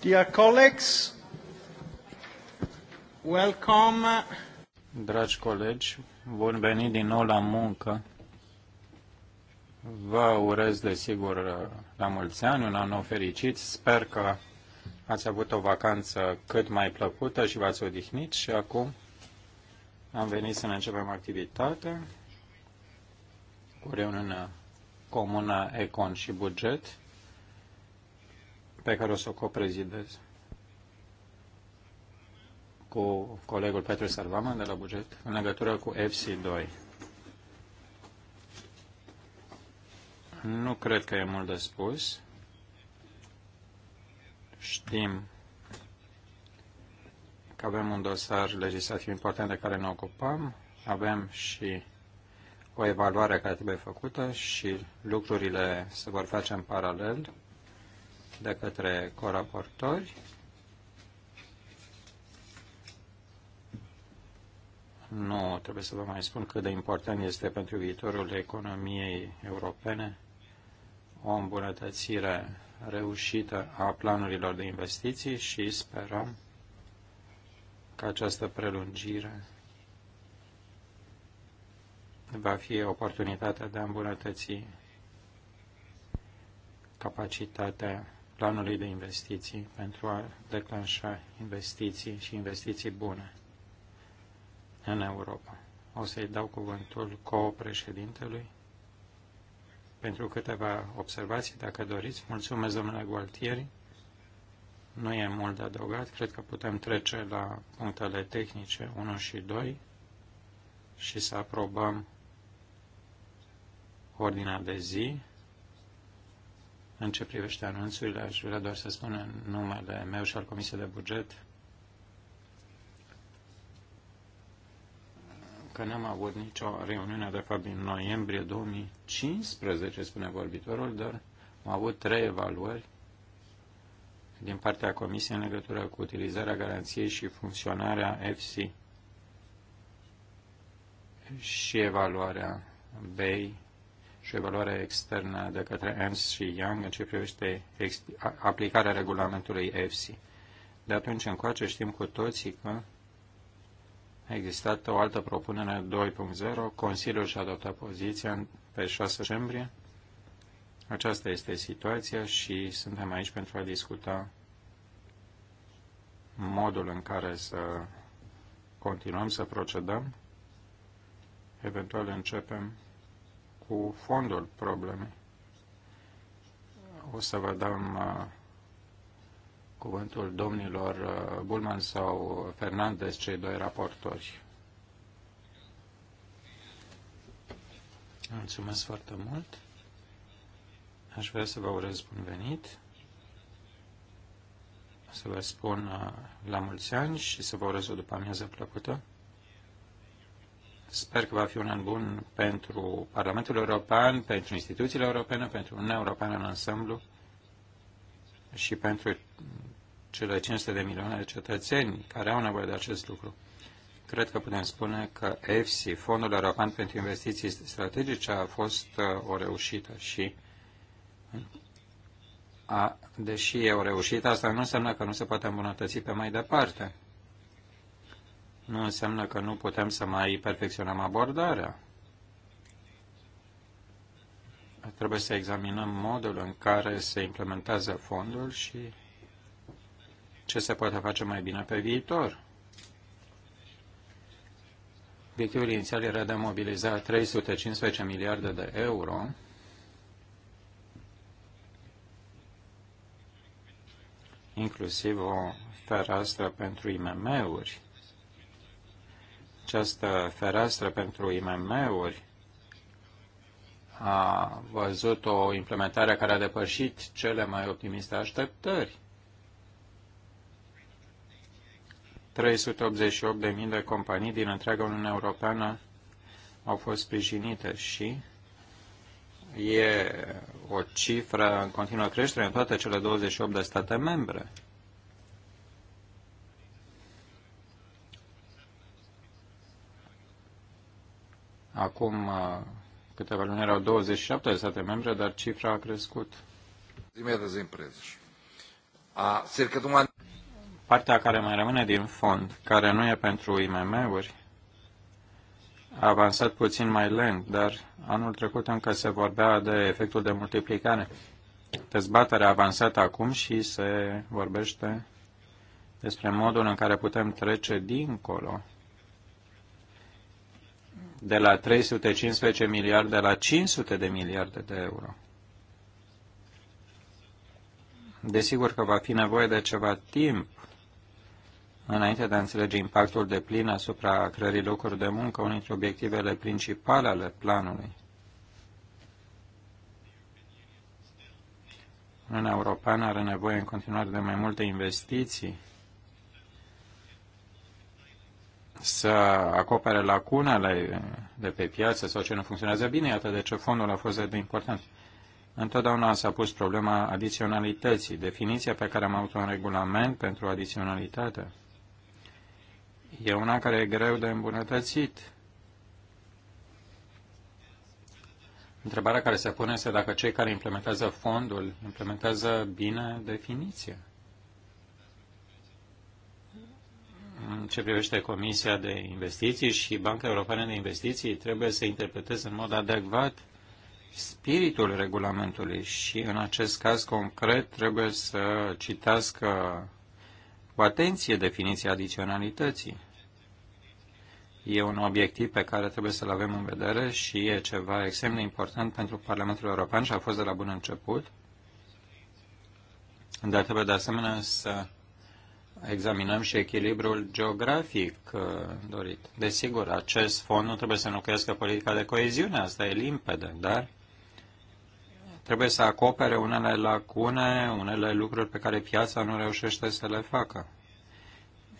Dear colleagues, welcome. Dragi colegi, bun venit din nou la muncă. Vă urez, desigur, la mulți ani, un an nou fericit. Sper că ați avut o vacanță cât mai plăcută și v-ați odihnit și acum am venit să ne începem activitatea cu reuniunea comună Econ și Buget pe care o să o coprezidez cu colegul Petru Sarvaman de la buget în legătură cu FC2. Nu cred că e mult de spus. Știm că avem un dosar legislativ important de care ne ocupăm, avem și o evaluare care trebuie făcută și lucrurile se vor face în paralel de către coraportori. Nu trebuie să vă mai spun cât de important este pentru viitorul economiei europene o îmbunătățire reușită a planurilor de investiții și sperăm că această prelungire va fi oportunitatea de a îmbunătăți capacitatea planului de investiții pentru a declanșa investiții și investiții bune în Europa. O să-i dau cuvântul co-președintelui pentru câteva observații, dacă doriți. Mulțumesc, domnule Gualtieri. Nu e mult de adăugat. Cred că putem trece la punctele tehnice 1 și 2 și să aprobăm ordinea de zi. În ce privește anunțurile, aș vrea doar să spun în numele meu și al Comisiei de Buget că n-am avut nicio reuniune, de fapt, din noiembrie 2015, spune vorbitorul, dar am avut trei evaluări din partea Comisiei în legătură cu utilizarea garanției și funcționarea FC și evaluarea BEI și evaluarea externă de către Ernst și Young în ce privește aplicarea regulamentului EFSI. De atunci încoace știm cu toții că a existat o altă propunere 2.0, Consiliul și-a adoptat poziția pe 6 decembrie. Aceasta este situația și suntem aici pentru a discuta modul în care să continuăm să procedăm. Eventual începem cu fondul problemei. O să vă dăm uh, cuvântul domnilor uh, Bulman sau Fernandez, cei doi raportori. Mulțumesc foarte mult. Aș vrea să vă urez bun venit, să vă spun uh, la mulți ani și să vă urez o după amiază plăcută. Sper că va fi un an bun pentru Parlamentul European, pentru instituțiile europene, pentru Uniunea Europeană în ansamblu și pentru cele 500 de milioane de cetățeni care au nevoie de acest lucru. Cred că putem spune că EFSI, Fondul European pentru Investiții Strategice, a fost uh, o reușită și a, deși e o reușită, asta nu înseamnă că nu se poate îmbunătăți pe mai departe nu înseamnă că nu putem să mai perfecționăm abordarea. Trebuie să examinăm modul în care se implementează fondul și ce se poate face mai bine pe viitor. Obiectivul inițial era de a mobiliza 315 miliarde de euro inclusiv o fereastră pentru IMM-uri această fereastră pentru IMM-uri a văzut o implementare care a depășit cele mai optimiste așteptări. 388.000 de companii din întreaga Uniune Europeană au fost sprijinite și e o cifră în continuă creștere în toate cele 28 de state membre. Acum uh, câteva luni erau 27 de state membre, dar cifra a crescut. Partea care mai rămâne din fond, care nu e pentru IMM-uri, a avansat puțin mai lent, dar anul trecut încă se vorbea de efectul de multiplicare. Dezbaterea a avansat acum și se vorbește despre modul în care putem trece dincolo de la 315 miliarde la 500 de miliarde de euro. Desigur că va fi nevoie de ceva timp înainte de a înțelege impactul de plin asupra creării locuri de muncă, unul dintre obiectivele principale ale planului. Uniunea Europeană are nevoie în continuare de mai multe investiții să acopere lacunele de pe piață sau ce nu funcționează bine, iată de ce fondul a fost de important. Întotdeauna s-a pus problema adiționalității, definiția pe care am avut-o în regulament pentru adiționalitate. E una care e greu de îmbunătățit. Întrebarea care se pune este dacă cei care implementează fondul implementează bine definiția. în ce privește Comisia de Investiții și Banca Europeană de Investiții trebuie să interpreteze în mod adecvat spiritul regulamentului și în acest caz concret trebuie să citească cu atenție definiția adiționalității. E un obiectiv pe care trebuie să-l avem în vedere și e ceva extrem de important pentru Parlamentul European și a fost de la bun început. Dar trebuie de asemenea să examinăm și echilibrul geografic uh, dorit. Desigur, acest fond nu trebuie să înlocuiască politica de coeziune, asta e limpede, dar trebuie să acopere unele lacune, unele lucruri pe care piața nu reușește să le facă.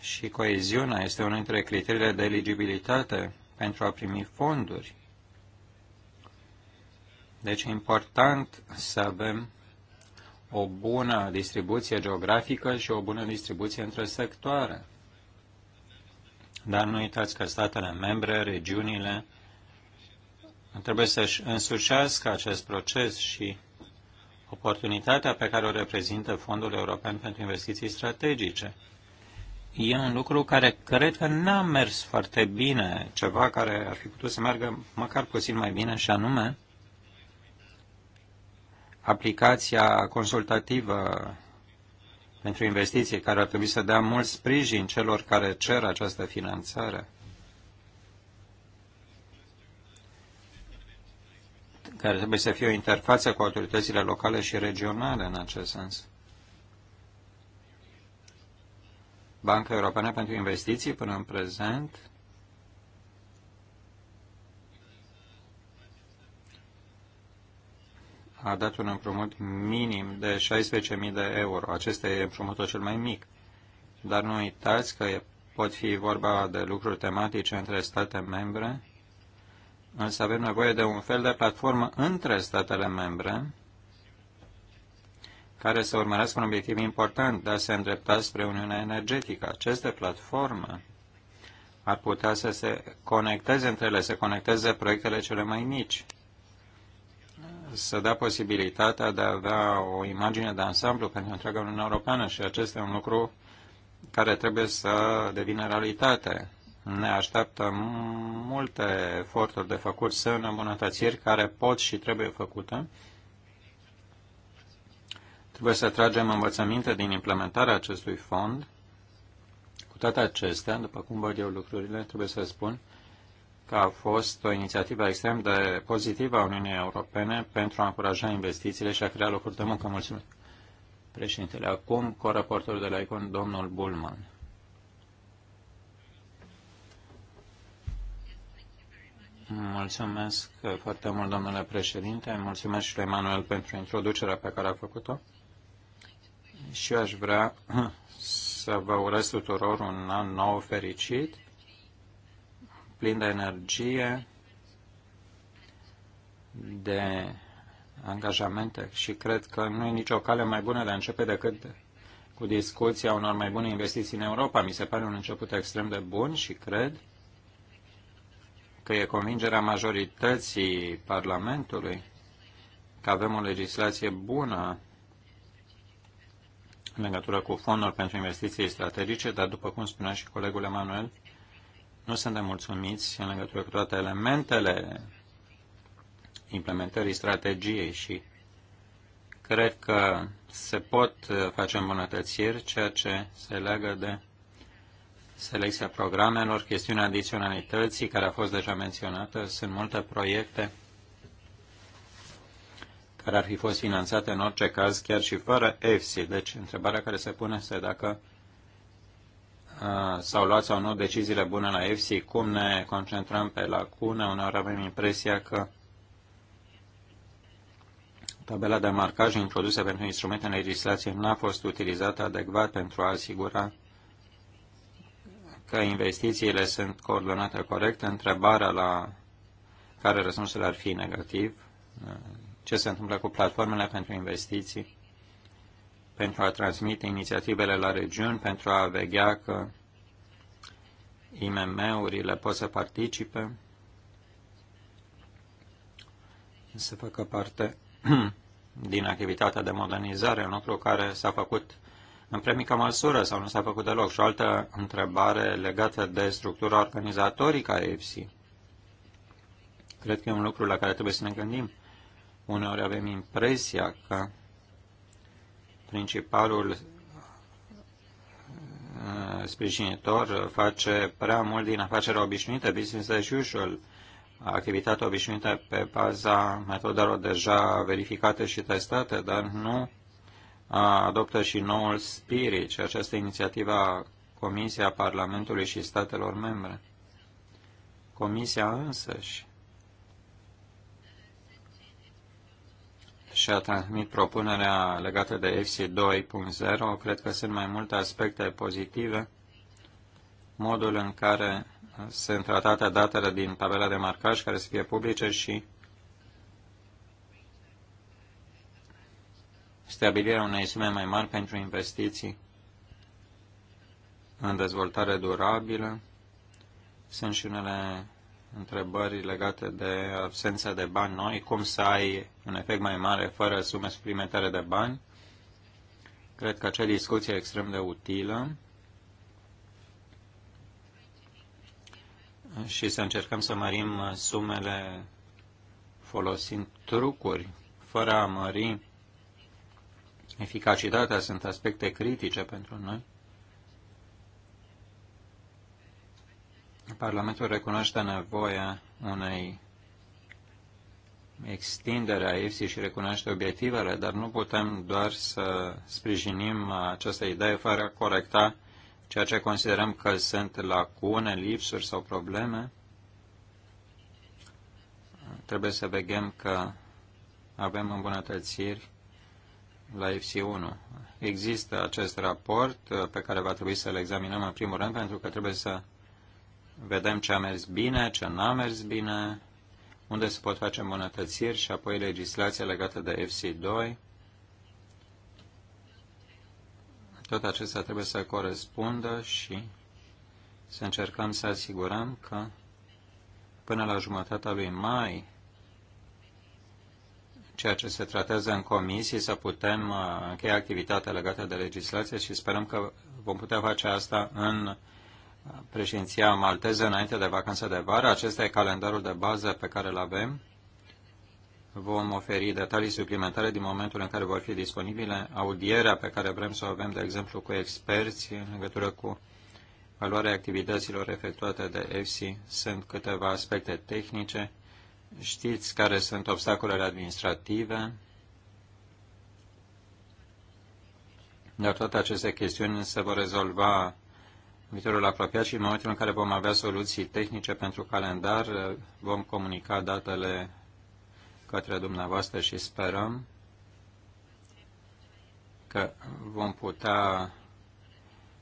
Și coeziunea este unul dintre criteriile de eligibilitate pentru a primi fonduri. Deci e important să avem o bună distribuție geografică și o bună distribuție între sectoare. Dar nu uitați că statele membre, regiunile, trebuie să-și însușească acest proces și oportunitatea pe care o reprezintă Fondul European pentru Investiții Strategice. E un lucru care cred că n-a mers foarte bine, ceva care ar fi putut să meargă măcar puțin mai bine, și anume aplicația consultativă pentru investiții, care ar trebui să dea mult sprijin celor care cer această finanțare. care trebuie să fie o interfață cu autoritățile locale și regionale în acest sens. Banca Europeană pentru Investiții până în prezent a dat un împrumut minim de 16.000 de euro. Acesta e împrumutul cel mai mic. Dar nu uitați că pot fi vorba de lucruri tematice între state membre, însă avem nevoie de un fel de platformă între statele membre care să urmărească un obiectiv important de a se îndrepta spre Uniunea Energetică. Aceste platforme ar putea să se conecteze între ele, să conecteze proiectele cele mai mici să dea posibilitatea de a avea o imagine de ansamblu pentru întreaga Uniune Europeană și acesta e un lucru care trebuie să devină realitate. Ne așteaptă multe eforturi de făcut, sunt îmbunătățiri care pot și trebuie făcute. Trebuie să tragem învățăminte din implementarea acestui fond. Cu toate acestea, după cum văd eu lucrurile, trebuie să spun, că a fost o inițiativă extrem de pozitivă a Uniunii Europene pentru a încuraja investițiile și a crea locuri de muncă. Mulțumesc. Președintele, acum coraportorul de la ICON, domnul Bulman. Mulțumesc foarte mult, domnule președinte. Mulțumesc și lui Emanuel pentru introducerea pe care a făcut-o. Și eu aș vrea să vă urez tuturor un an nou fericit plin de energie, de angajamente și cred că nu e nicio cale mai bună de a începe decât cu discuția unor mai bune investiții în Europa. Mi se pare un început extrem de bun și cred că e convingerea majorității Parlamentului că avem o legislație bună în legătură cu fondul pentru investiții strategice, dar după cum spunea și colegul Emanuel, nu suntem mulțumiți în legătură cu toate elementele implementării strategiei și cred că se pot face îmbunătățiri, ceea ce se leagă de selecția programelor, chestiunea adiționalității care a fost deja menționată. Sunt multe proiecte care ar fi fost finanțate în orice caz, chiar și fără EFSI. Deci, întrebarea care se pune este dacă s-au luat sau nu deciziile bune la EFSI, cum ne concentrăm pe lacune, uneori avem impresia că tabela de marcaj introdusă pentru instrumente în legislație n-a fost utilizată adecvat pentru a asigura că investițiile sunt coordonate corect. Întrebarea la care răspunsul ar fi negativ, ce se întâmplă cu platformele pentru investiții, pentru a transmite inițiativele la regiuni, pentru a veghea că IMM-urile pot să participe, să facă parte din activitatea de modernizare, un lucru care s-a făcut în prea mică măsură sau nu s-a făcut deloc. Și o altă întrebare legată de structura organizatorică a EFSI. Cred că e un lucru la care trebuie să ne gândim. Uneori avem impresia că principalul uh, sprijinitor uh, face prea mult din afacerea obișnuită, business as usual, activitatea obișnuită pe baza metodelor deja verificate și testate, dar nu adoptă și noul spirit și această inițiativă a Comisia Parlamentului și statelor membre. Comisia însăși și a transmit propunerea legată de FC 2.0. Cred că sunt mai multe aspecte pozitive. Modul în care sunt tratate datele din tabela de marcaj care să fie publice și stabilirea unei sume mai mari pentru investiții în dezvoltare durabilă. Sunt și unele întrebări legate de absența de bani noi, cum să ai un efect mai mare fără sume suplimentare de bani. Cred că acea discuție e extrem de utilă și să încercăm să mărim sumele folosind trucuri, fără a mări eficacitatea, sunt aspecte critice pentru noi Parlamentul recunoaște nevoia unei extindere a EFSI și recunoaște obiectivele, dar nu putem doar să sprijinim această idee fără a corecta ceea ce considerăm că sunt lacune, lipsuri sau probleme. Trebuie să vegem că avem îmbunătățiri la FC1. Există acest raport pe care va trebui să-l examinăm în primul rând pentru că trebuie să vedem ce a mers bine, ce n-a mers bine, unde se pot face îmbunătățiri și apoi legislația legată de FC2. Tot acesta trebuie să corespundă și să încercăm să asigurăm că până la jumătatea lui mai ceea ce se tratează în comisie să putem uh, încheia activitatea legată de legislație și sperăm că vom putea face asta în președinția malteză înainte de vacanța de vară. Acesta e calendarul de bază pe care îl avem. Vom oferi detalii suplimentare din momentul în care vor fi disponibile. Audierea pe care vrem să o avem, de exemplu, cu experți în legătură cu valoarea activităților efectuate de EFSI sunt câteva aspecte tehnice. Știți care sunt obstacolele administrative, dar toate aceste chestiuni se vor rezolva viitorul apropiat și în momentul în care vom avea soluții tehnice pentru calendar, vom comunica datele către dumneavoastră și sperăm că vom putea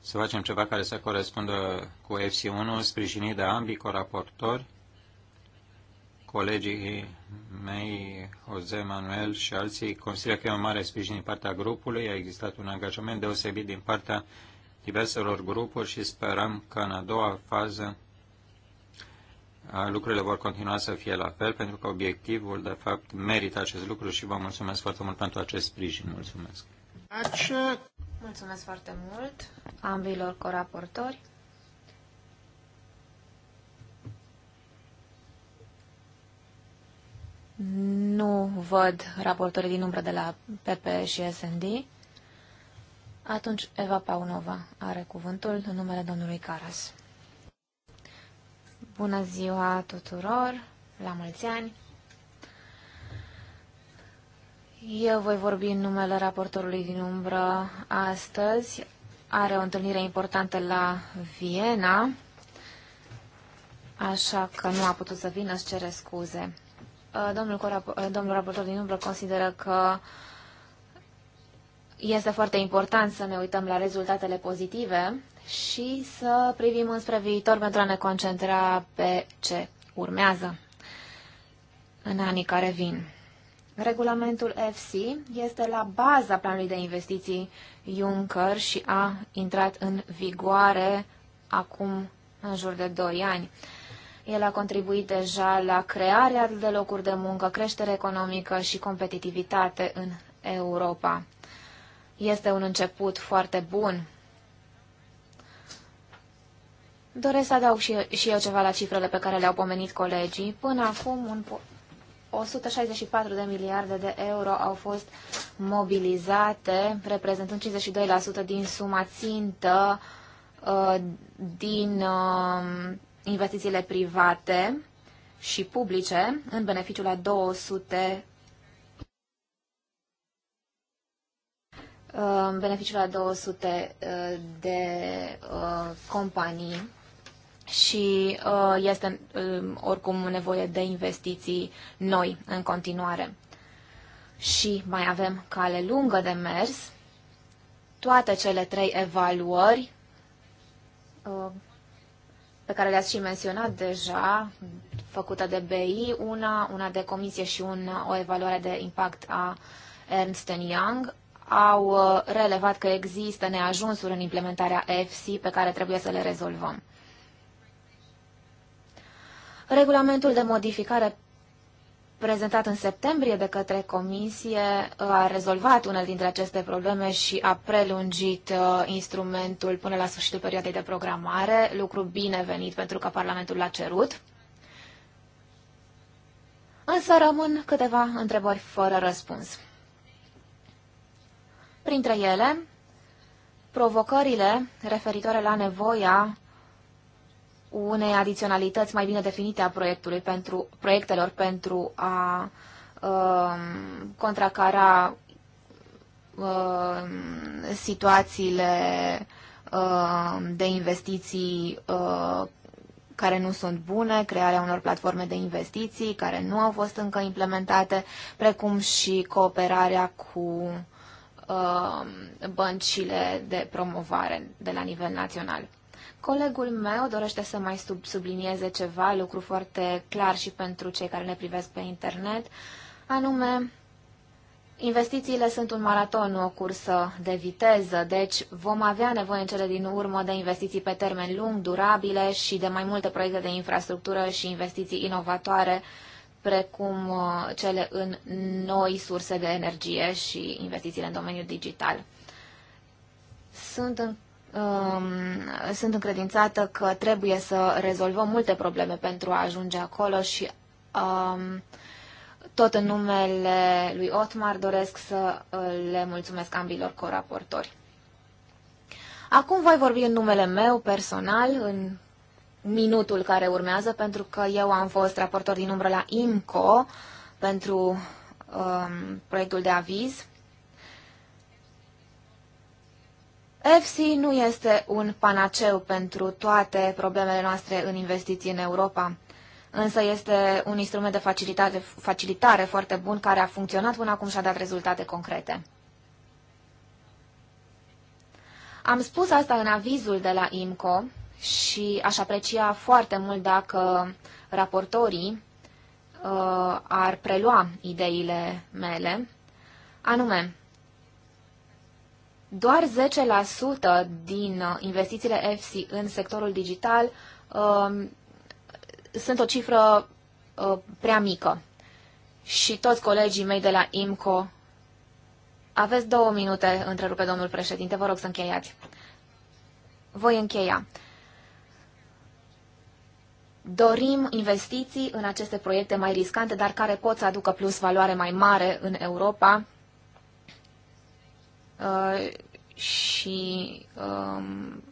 să facem ceva care să corespundă cu FC1, sprijinit de ambii coraportori, colegii mei, Jose Manuel și alții, consideră că e o mare sprijin din partea grupului, a existat un angajament deosebit din partea diverselor grupuri și sperăm că în a doua fază lucrurile vor continua să fie la fel, pentru că obiectivul, de fapt, merită acest lucru și vă mulțumesc foarte mult pentru acest sprijin. Mulțumesc! Mulțumesc foarte mult ambilor coraportori. Nu văd raportorii din umbră de la PP și SND. Atunci Eva Paunova are cuvântul în numele domnului Caras. Bună ziua tuturor, la mulți ani! Eu voi vorbi în numele raportorului din umbră astăzi. Are o întâlnire importantă la Viena, așa că nu a putut să vină, îți cere scuze. Domnul, domnul raportor din umbră consideră că uh, este foarte important să ne uităm la rezultatele pozitive și să privim înspre viitor pentru a ne concentra pe ce urmează în anii care vin. Regulamentul FC este la baza planului de investiții Juncker și a intrat în vigoare acum în jur de 2 ani. El a contribuit deja la crearea de locuri de muncă, creștere economică și competitivitate în Europa. Este un început foarte bun. Doresc să adaug și, și eu ceva la cifrele pe care le-au pomenit colegii. Până acum, un 164 de miliarde de euro au fost mobilizate, reprezentând 52% din suma țintă uh, din uh, investițiile private și publice, în beneficiul a 200 Uh, beneficiul la 200 uh, de uh, companii și este oricum nevoie de investiții noi în continuare. Și mai avem cale lungă de mers. Toate cele trei evaluări pe care le-ați și menționat deja, făcută de BI, una, una de comisie și una, o evaluare de impact a Ernst Young, au uh, relevat că există neajunsuri în implementarea EFSI pe care trebuie să le rezolvăm. Regulamentul de modificare prezentat în septembrie de către Comisie uh, a rezolvat una dintre aceste probleme și a prelungit uh, instrumentul până la sfârșitul perioadei de programare, lucru binevenit pentru că Parlamentul l-a cerut. Însă rămân câteva întrebări fără răspuns. Printre ele, provocările referitoare la nevoia unei adiționalități mai bine definite a proiectului pentru, proiectelor pentru a uh, contracara uh, situațiile uh, de investiții uh, care nu sunt bune, crearea unor platforme de investiții care nu au fost încă implementate, precum și cooperarea cu Um, băncile de promovare de la nivel național. Colegul meu dorește să mai sub, sublinieze ceva, lucru foarte clar și pentru cei care ne privesc pe internet, anume Investițiile sunt un maraton, nu o cursă de viteză, deci vom avea nevoie în cele din urmă de investiții pe termen lung, durabile și de mai multe proiecte de infrastructură și investiții inovatoare precum uh, cele în noi surse de energie și investițiile în domeniul digital. Sunt, în, um, sunt încredințată că trebuie să rezolvăm multe probleme pentru a ajunge acolo și um, tot în numele lui Otmar doresc să uh, le mulțumesc ambilor coraportori. Acum voi vorbi în numele meu personal, în minutul care urmează, pentru că eu am fost raportor din umbră la IMCO pentru um, proiectul de aviz. EFSI nu este un panaceu pentru toate problemele noastre în investiții în Europa, însă este un instrument de facilitare, facilitare foarte bun care a funcționat până acum și a dat rezultate concrete. Am spus asta în avizul de la IMCO, și aș aprecia foarte mult dacă raportorii uh, ar prelua ideile mele, anume, doar 10% din uh, investițiile EFSI în sectorul digital uh, sunt o cifră uh, prea mică. Și toți colegii mei de la IMCO, aveți două minute, întrerupe domnul președinte, vă rog să încheiați. Voi încheia. Dorim investiții în aceste proiecte mai riscante, dar care pot să aducă plus valoare mai mare în Europa uh, și um,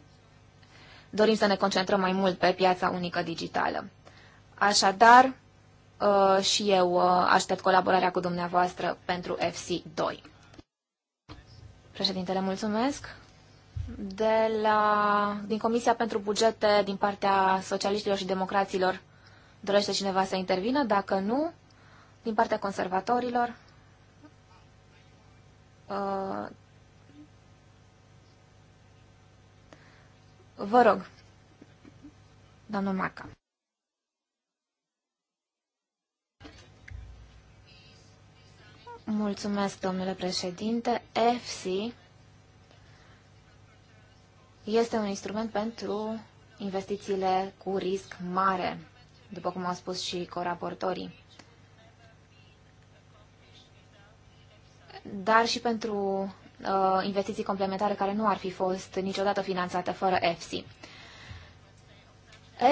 dorim să ne concentrăm mai mult pe piața unică digitală. Așadar, uh, și eu uh, aștept colaborarea cu dumneavoastră pentru FC2. Președintele, mulțumesc de la, din Comisia pentru Bugete din partea socialiștilor și democraților. Dorește cineva să intervină? Dacă nu, din partea conservatorilor, uh, vă rog, domnul Marca. Mulțumesc, domnule președinte. EFSI este un instrument pentru investițiile cu risc mare, după cum au spus și coraportorii. Dar și pentru uh, investiții complementare care nu ar fi fost niciodată finanțate fără EFSI.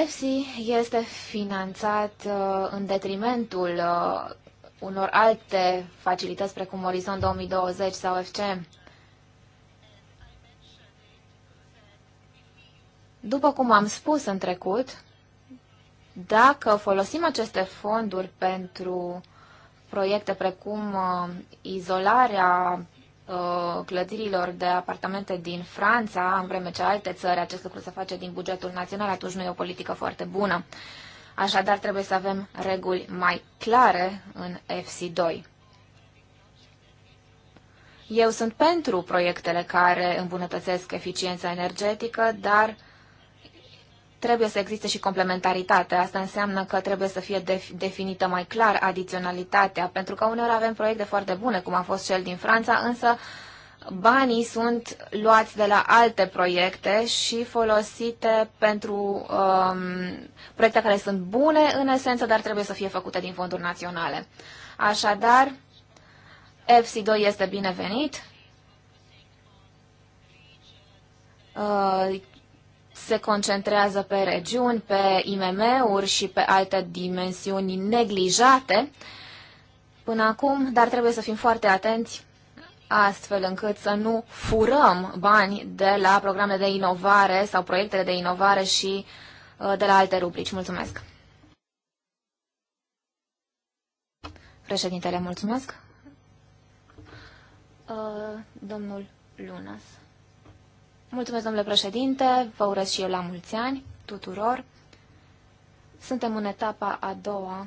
EFSI este finanțat uh, în detrimentul uh, unor alte facilități precum Orizont 2020 sau FCM. După cum am spus în trecut, dacă folosim aceste fonduri pentru proiecte precum uh, izolarea uh, clădirilor de apartamente din Franța, în vreme ce alte țări acest lucru se face din bugetul național, atunci nu e o politică foarte bună. Așadar, trebuie să avem reguli mai clare în FC2. Eu sunt pentru proiectele care îmbunătățesc eficiența energetică, dar uh, trebuie să existe și complementaritate. Asta înseamnă că trebuie să fie def- definită mai clar adiționalitatea, pentru că uneori avem proiecte foarte bune, cum a fost cel din Franța, însă banii sunt luați de la alte proiecte și folosite pentru um, proiecte care sunt bune în esență, dar trebuie să fie făcute din fonduri naționale. Așadar, FC2 este binevenit. Uh, se concentrează pe regiuni, pe IMM-uri și pe alte dimensiuni neglijate până acum, dar trebuie să fim foarte atenți astfel încât să nu furăm bani de la programe de inovare sau proiectele de inovare și uh, de la alte rubrici. Mulțumesc! Președintele, mulțumesc! Uh, domnul Lunas. Mulțumesc, domnule președinte, vă urez și eu la mulți ani tuturor. Suntem în etapa a doua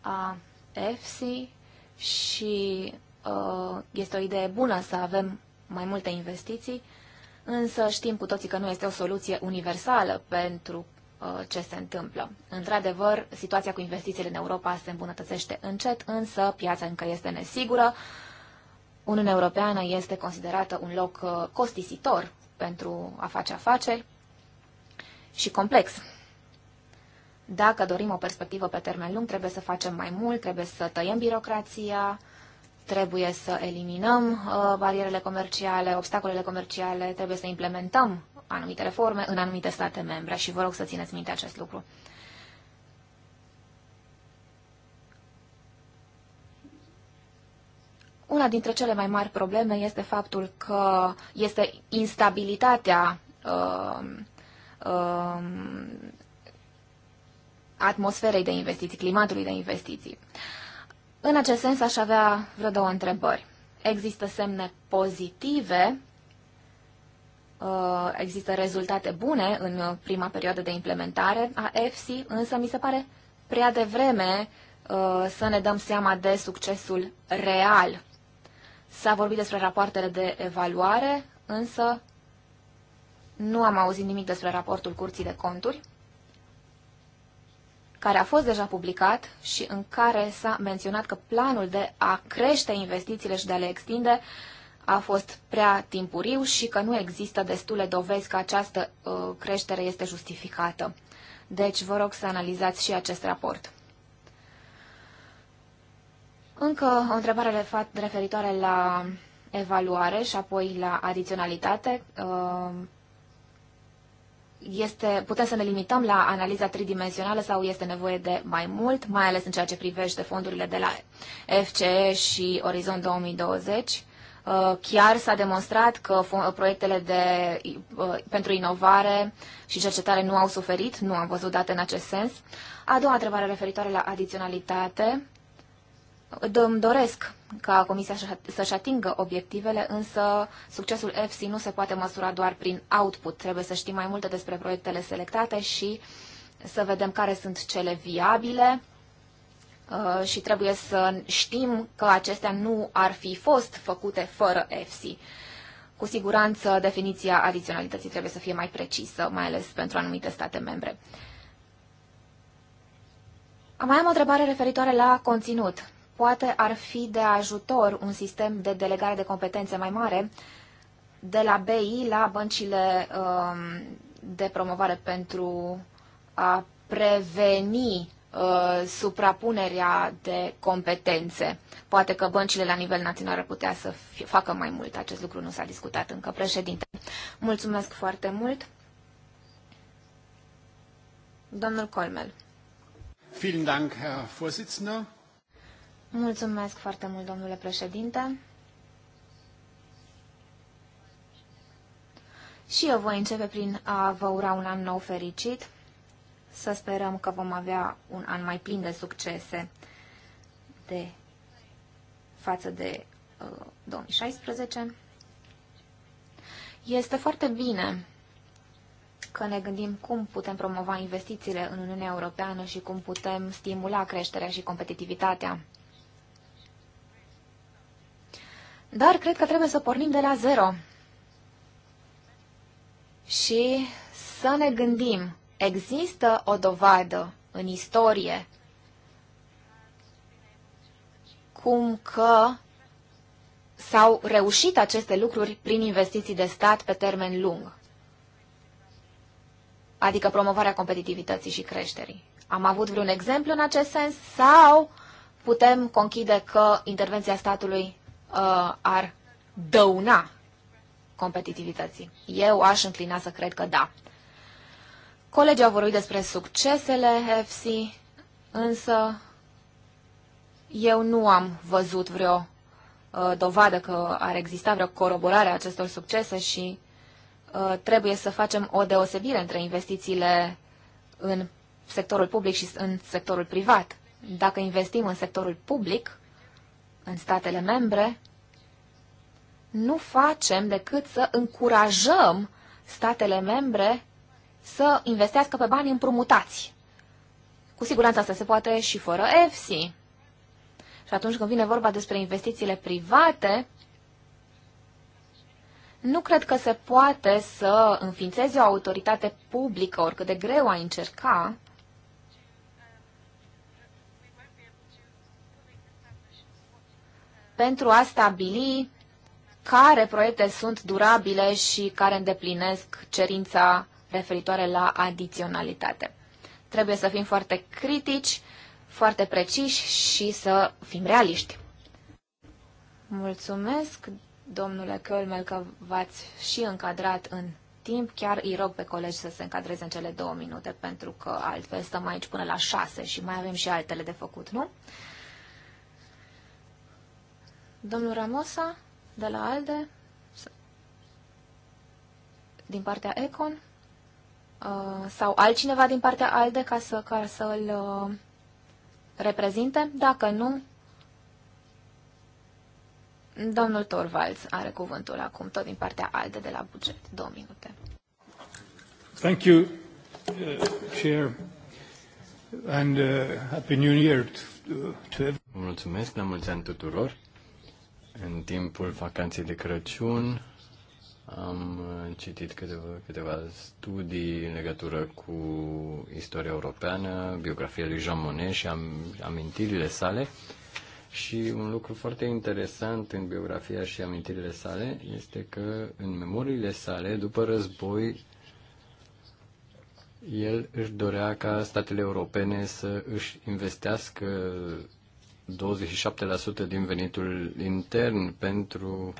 a EFSI și uh, este o idee bună să avem mai multe investiții, însă știm cu toții că nu este o soluție universală pentru uh, ce se întâmplă. Într-adevăr, situația cu investițiile în Europa se îmbunătățește încet, însă piața încă este nesigură. Uniunea Europeană este considerată un loc uh, costisitor pentru a face afaceri și complex. Dacă dorim o perspectivă pe termen lung, trebuie să facem mai mult, trebuie să tăiem birocrația, trebuie să eliminăm uh, barierele comerciale, obstacolele comerciale, trebuie să implementăm anumite reforme în anumite state membre și vă rog să țineți minte acest lucru. Una dintre cele mai mari probleme este faptul că este instabilitatea uh, uh, atmosferei de investiții, climatului de investiții. În acest sens aș avea vreo două întrebări. Există semne pozitive, uh, există rezultate bune în prima perioadă de implementare a EFSI, însă mi se pare prea devreme uh, să ne dăm seama de succesul real S-a vorbit despre rapoartele de evaluare, însă nu am auzit nimic despre raportul Curții de Conturi, care a fost deja publicat și în care s-a menționat că planul de a crește investițiile și de a le extinde a fost prea timpuriu și că nu există destule dovezi că această uh, creștere este justificată. Deci vă rog să analizați și acest raport. Încă o întrebare referitoare la evaluare și apoi la adiționalitate. Uh, este, putem să ne limităm la analiza tridimensională sau este nevoie de mai mult, mai ales în ceea ce privește fondurile de la FCE și Orizont 2020? Uh, chiar s-a demonstrat că proiectele de, uh, pentru inovare și cercetare nu au suferit, nu am văzut date în acest sens. A doua întrebare referitoare la adiționalitate îmi doresc ca Comisia să-și atingă obiectivele, însă succesul EFSI nu se poate măsura doar prin output. Trebuie să știm mai multe despre proiectele selectate și să vedem care sunt cele viabile uh, și trebuie să știm că acestea nu ar fi fost făcute fără EFSI. Cu siguranță, definiția adiționalității trebuie să fie mai precisă, mai ales pentru anumite state membre. Mai am o întrebare referitoare la conținut. Poate ar fi de ajutor un sistem de delegare de competențe mai mare de la BI la băncile um, de promovare pentru a preveni uh, suprapunerea de competențe. Poate că băncile la nivel național ar putea să facă mai mult. Acest lucru nu s-a discutat încă, președinte. Mulțumesc foarte mult. Domnul Colmel. Vielen Dank, Herr Vorsitzender. Mulțumesc foarte mult, domnule președinte. Și eu voi începe prin a vă ura un an nou fericit. Să sperăm că vom avea un an mai plin de succese de față de uh, 2016. Este foarte bine că ne gândim cum putem promova investițiile în Uniunea Europeană și cum putem stimula creșterea și competitivitatea. Dar cred că trebuie să pornim de la zero și să ne gândim, există o dovadă în istorie cum că s-au reușit aceste lucruri prin investiții de stat pe termen lung, adică promovarea competitivității și creșterii. Am avut vreun exemplu în acest sens sau putem conchide că intervenția statului uh, ar dăuna competitivității. Eu aș înclina să cred că da. Colegii au vorbit despre succesele FC, însă eu nu am văzut vreo uh, dovadă că ar exista vreo coroborare a acestor succese și uh, trebuie să facem o deosebire între investițiile în sectorul public și în sectorul privat. Dacă investim în sectorul public, în statele membre, nu facem decât să încurajăm statele membre să investească pe bani împrumutați. Cu siguranță asta se poate și fără EFSI. Și atunci când vine vorba despre investițiile private, nu cred că se poate să înființeze o autoritate publică, oricât de greu a încerca, pentru a stabili care proiecte sunt durabile și care îndeplinesc cerința referitoare la adiționalitate. Trebuie să fim foarte critici, foarte preciși și să fim realiști. Mulțumesc, domnule Kölmel, că v-ați și încadrat în timp. Chiar îi rog pe colegi să se încadreze în cele două minute, pentru că altfel stăm aici până la șase și mai avem și altele de făcut, nu? Domnul Ramosa, de la ALDE, din partea Econ, uh, sau altcineva din partea ALDE ca să, ca să îl uh, reprezinte. Dacă nu, domnul Torvalds are cuvântul acum, tot din partea ALDE de la buget. Două minute. Thank you, uh, Chair, and uh, Happy New Year to, to everyone. Mulțumesc, la mulți ani tuturor. În timpul vacanței de Crăciun am citit câteva, câteva studii în legătură cu istoria europeană, biografia lui Jean Monnet și am, amintirile sale. Și un lucru foarte interesant în biografia și amintirile sale este că în memoriile sale, după război, el își dorea ca statele europene să își investească 27% din venitul intern pentru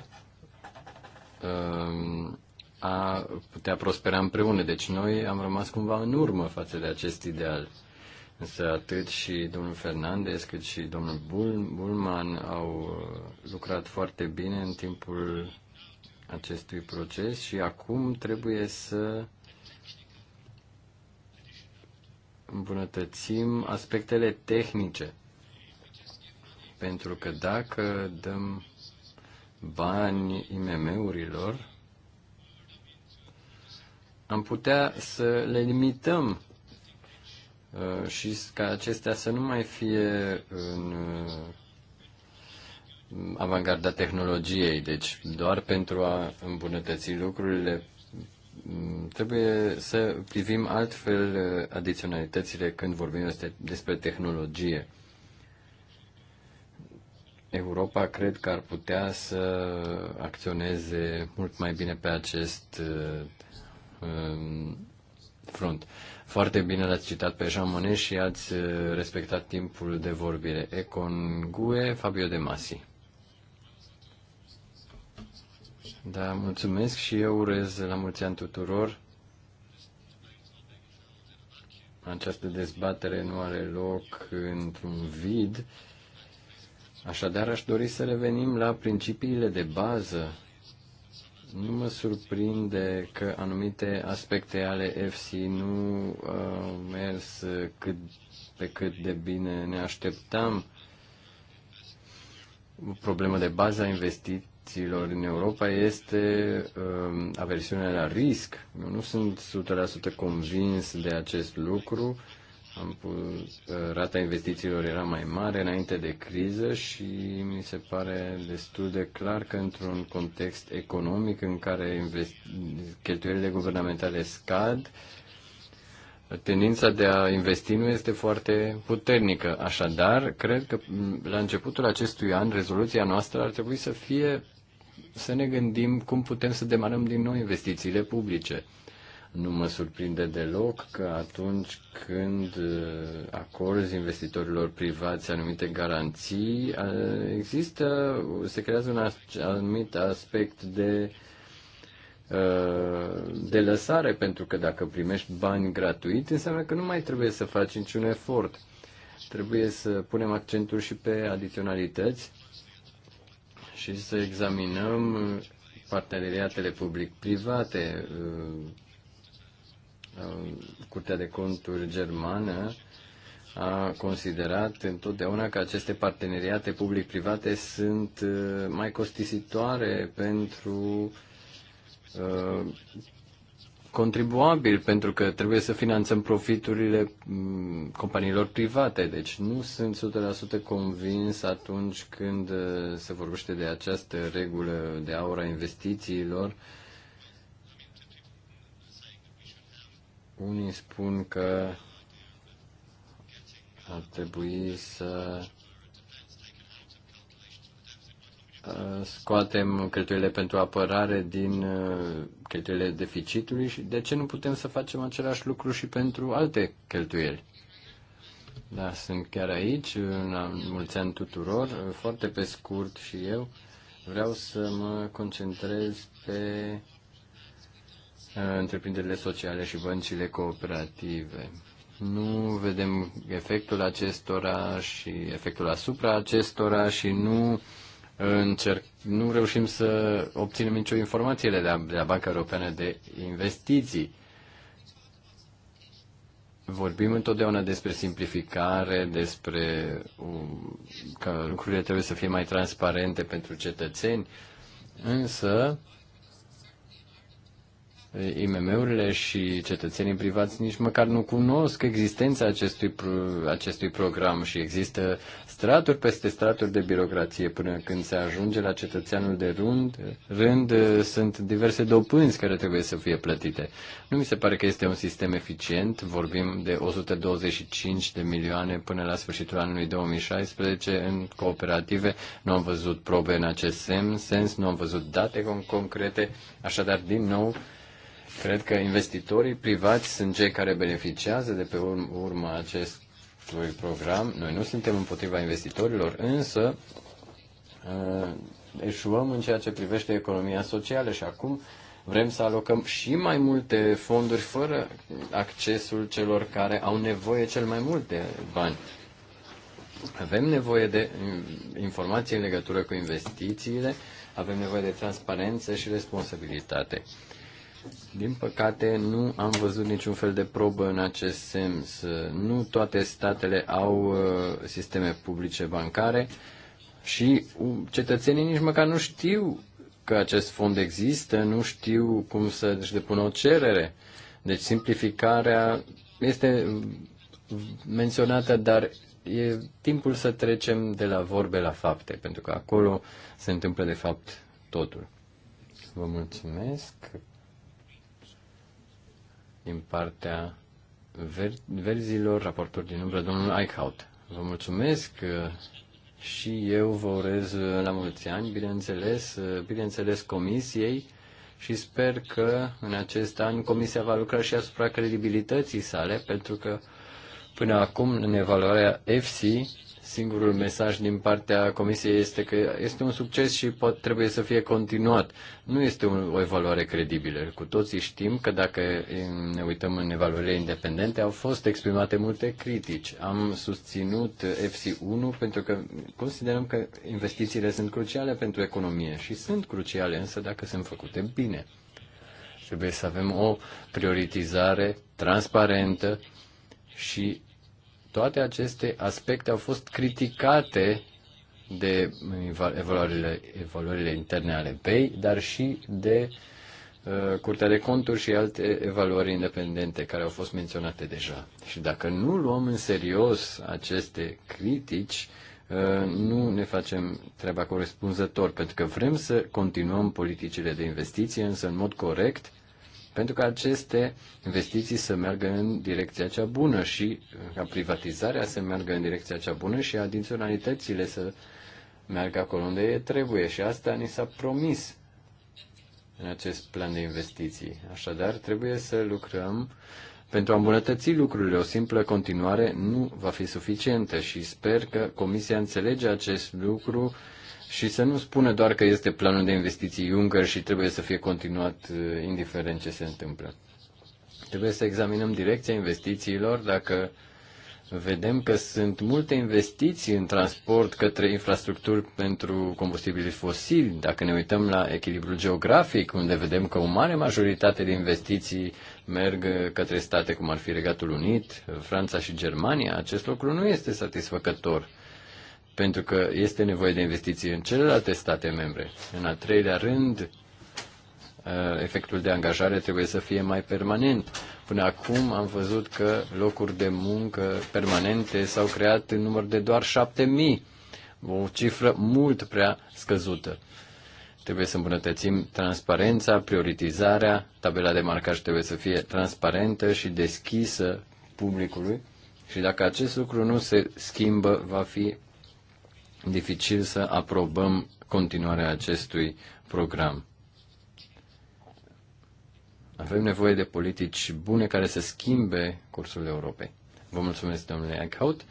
um, a putea prospera împreună. Deci noi am rămas cumva în urmă față de acest ideal. Însă atât și domnul Fernandez cât și domnul Bulman au uh, lucrat foarte bine în timpul acestui proces și acum trebuie să îmbunătățim aspectele tehnice pentru că dacă dăm bani IMM-urilor, am putea să le limităm uh, și ca acestea să nu mai fie în uh, avangarda tehnologiei. Deci, doar pentru a îmbunătăți lucrurile, mm, trebuie să privim altfel uh, adiționalitățile când vorbim despre tehnologie. Europa cred că ar putea să acționeze mult mai bine pe acest uh, um, front. Foarte bine l-ați citat pe Jean Monnet și ați uh, respectat timpul de vorbire. Econ Gue, Fabio De Masi. Da, mulțumesc și eu urez la mulți ani tuturor. Această dezbatere nu are loc într-un vid, Așadar, aș dori să revenim la principiile de bază. Nu mă surprinde că anumite aspecte ale FC nu au uh, mers cât, pe cât de bine ne așteptam. O problemă de bază a investițiilor în Europa este um, aversiunea la risc. Eu nu sunt 100% convins de acest lucru am pus, rata investițiilor era mai mare înainte de criză și mi se pare destul de clar că într-un context economic în care cheltuielile guvernamentale scad, tendința de a investi nu este foarte puternică. Așadar, cred că la începutul acestui an rezoluția noastră ar trebui să fie să ne gândim cum putem să demarăm din nou investițiile publice nu mă surprinde deloc că atunci când uh, acorzi investitorilor privați anumite garanții, uh, există, se creează un anumit aspect de uh, de lăsare, pentru că dacă primești bani gratuit, înseamnă că nu mai trebuie să faci niciun efort. Trebuie să punem accentul și pe adiționalități și să examinăm parteneriatele public-private, Curtea de Conturi germană a considerat întotdeauna că aceste parteneriate public-private sunt uh, mai costisitoare pentru uh, contribuabil, pentru că trebuie să finanțăm profiturile mm, companiilor private. Deci nu sunt 100% convins atunci când uh, se vorbește de această regulă de aura investițiilor Unii spun că ar trebui să uh, scoatem cheltuielile pentru apărare din uh, cheltuielile deficitului și de ce nu putem să facem același lucru și pentru alte cheltuieli? Da, sunt chiar aici, la mulți ani tuturor, foarte pe scurt și eu. Vreau să mă concentrez pe Uh, întreprinderile sociale și băncile cooperative. Nu vedem efectul acestora și efectul asupra acestora și nu încerc, nu reușim să obținem nicio informație de la, de la Banca Europeană de Investiții. Vorbim întotdeauna despre simplificare, despre um, că lucrurile trebuie să fie mai transparente pentru cetățeni, însă IMM-urile și cetățenii privați nici măcar nu cunosc existența acestui, pro- acestui program și există straturi peste straturi de birocrație până când se ajunge la cetățeanul de rând, rând sunt diverse dopânzi care trebuie să fie plătite. Nu mi se pare că este un sistem eficient, vorbim de 125 de milioane până la sfârșitul anului 2016 în cooperative, nu am văzut probe în acest sens, nu am văzut date concrete, așadar din nou Cred că investitorii privați sunt cei care beneficiază de pe urma acestui program. Noi nu suntem împotriva investitorilor, însă uh, eșuăm în ceea ce privește economia socială și acum vrem să alocăm și mai multe fonduri fără accesul celor care au nevoie cel mai mult de bani. Avem nevoie de uh, informații în legătură cu investițiile, avem nevoie de transparență și responsabilitate. Din păcate, nu am văzut niciun fel de probă în acest sens. Nu toate statele au uh, sisteme publice bancare și um, cetățenii nici măcar nu știu că acest fond există, nu știu cum să își depună o cerere. Deci simplificarea este um, menționată, dar e timpul să trecem de la vorbe la fapte, pentru că acolo se întâmplă de fapt totul. Vă mulțumesc din partea verzilor, raportor din umbră, domnul Eichhout. Vă mulțumesc uh, și eu vă urez uh, la mulți ani, bineînțeles, uh, bineînțeles comisiei și sper că în acest an comisia va lucra și asupra credibilității sale, pentru că până acum în evaluarea EFSI Singurul mesaj din partea Comisiei este că este un succes și pot, trebuie să fie continuat. Nu este o evaluare credibilă. Cu toții știm că dacă ne uităm în evaluările independente, au fost exprimate multe critici. Am susținut FC1 pentru că considerăm că investițiile sunt cruciale pentru economie și sunt cruciale, însă dacă sunt făcute bine. Trebuie să avem o prioritizare transparentă și toate aceste aspecte au fost criticate de evaluările, evaluările interne ale BEI, dar și de uh, Curtea de Conturi și alte evaluări independente care au fost menționate deja. Și dacă nu luăm în serios aceste critici, uh, nu ne facem treaba corespunzător, pentru că vrem să continuăm politicile de investiție, însă în mod corect, pentru ca aceste investiții să meargă în direcția cea bună și ca privatizarea să meargă în direcția cea bună și adiționalitățile să meargă acolo unde e trebuie. Și asta ni s-a promis în acest plan de investiții. Așadar, trebuie să lucrăm pentru a îmbunătăți lucrurile. O simplă continuare nu va fi suficientă și sper că Comisia înțelege acest lucru și să nu spună doar că este planul de investiții Juncker și trebuie să fie continuat uh, indiferent ce se întâmplă. Trebuie să examinăm direcția investițiilor dacă vedem că sunt multe investiții în transport către infrastructuri pentru combustibili fosili. Dacă ne uităm la echilibrul geografic, unde vedem că o mare majoritate de investiții merg către state cum ar fi Regatul Unit, Franța și Germania, acest lucru nu este satisfăcător pentru că este nevoie de investiții în celelalte state membre. În al treilea rând, uh, efectul de angajare trebuie să fie mai permanent. Până acum am văzut că locuri de muncă permanente s-au creat în număr de doar 7000, o cifră mult prea scăzută. Trebuie să îmbunătățim transparența, prioritizarea, tabela de marcaj trebuie să fie transparentă și deschisă publicului și dacă acest lucru nu se schimbă, va fi dificil să aprobăm continuarea acestui program. Avem nevoie de politici bune care să schimbe cursul Europei. Vă mulțumesc, domnule Eichhout.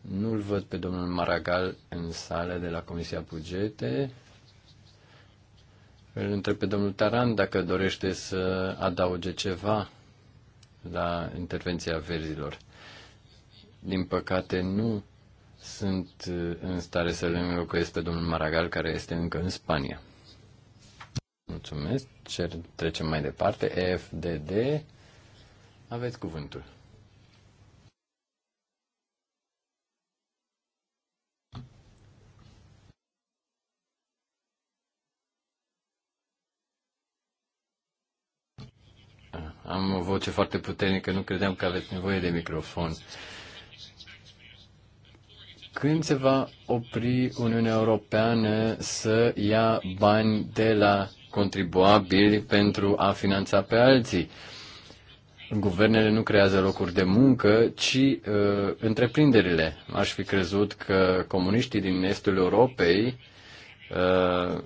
Nu-l văd pe domnul Maragal în sală de la Comisia Bugete. Îl întreb pe domnul Taran dacă dorește să adauge ceva la intervenția verzilor. Din păcate, nu sunt uh, în stare să-l înlocuiesc pe domnul Maragal, care este încă în Spania. Mulțumesc. Cer, trecem mai departe. EFDD. Aveți cuvântul. Am o voce foarte puternică, nu credeam că aveți nevoie de microfon. Când se va opri Uniunea Europeană să ia bani de la contribuabili pentru a finanța pe alții? Guvernele nu creează locuri de muncă, ci uh, întreprinderile. Aș fi crezut că comuniștii din estul Europei uh,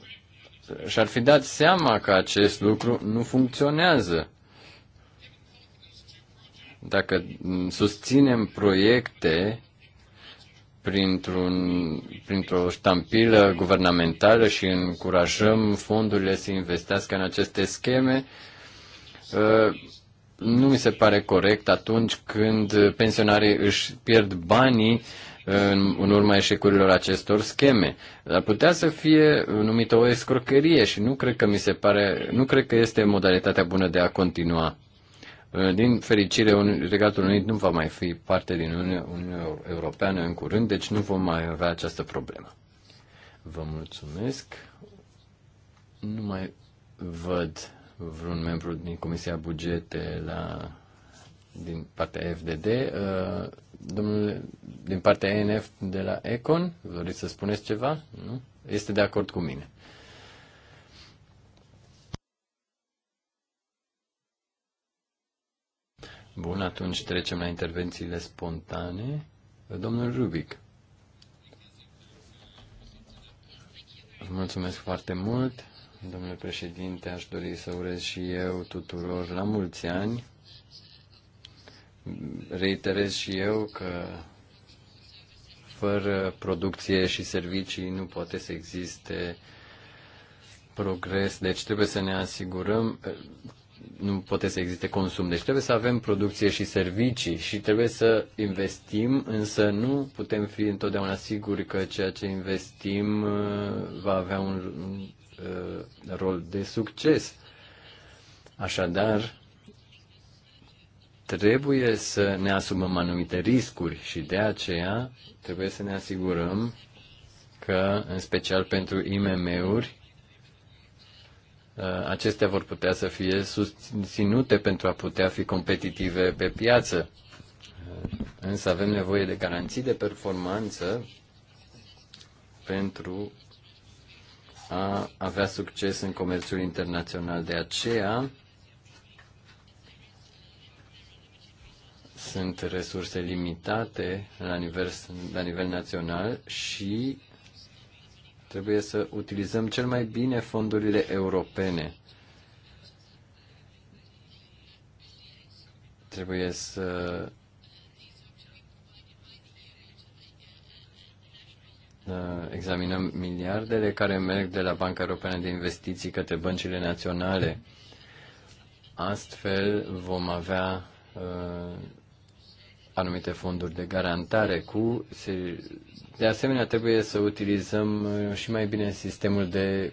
și-ar fi dat seama că acest lucru nu funcționează. Dacă mm, susținem proiecte printr-un, printr-o ștampilă guvernamentală și încurajăm fondurile să investească în aceste scheme, uh, nu mi se pare corect atunci când pensionarii își pierd banii uh, în, în urma eșecurilor acestor scheme. Dar putea să fie numită o escrocherie și nu cred că mi se pare, nu cred că este modalitatea bună de a continua Uh, din fericire, Regatul Unit nu va mai fi parte din Uniunea Europeană în curând, deci nu vom mai avea această problemă. Vă mulțumesc. Nu mai văd vreun membru din Comisia Bugete la, din partea FDD. Uh, Domnul, din partea ENF de la Econ, doriți să spuneți ceva? Nu? Este de acord cu mine. Bun, atunci trecem la intervențiile spontane. Domnul Rubic. Mulțumesc foarte mult. Domnule președinte, aș dori să urez și eu tuturor la mulți ani. Reiterez și eu că fără producție și servicii nu poate să existe progres, deci trebuie să ne asigurăm nu poate să existe consum. Deci trebuie să avem producție și servicii și trebuie să investim, însă nu putem fi întotdeauna siguri că ceea ce investim uh, va avea un, uh, rol de succes. Așadar, trebuie să ne asumăm anumite riscuri și de aceea trebuie să ne asigurăm că, în special pentru IMM-uri, Uh, acestea vor putea să fie susținute pentru a putea fi competitive pe piață. Uh, însă avem nevoie de garanții de performanță pentru a avea succes în comerțul internațional. De aceea sunt resurse limitate la nivel, la nivel național și Trebuie să utilizăm cel mai bine fondurile europene. Trebuie să uh, examinăm miliardele care merg de la Banca Europeană de Investiții către băncile naționale. Astfel vom avea uh, anumite fonduri de garantare cu. De asemenea, trebuie să utilizăm uh, și mai bine sistemul de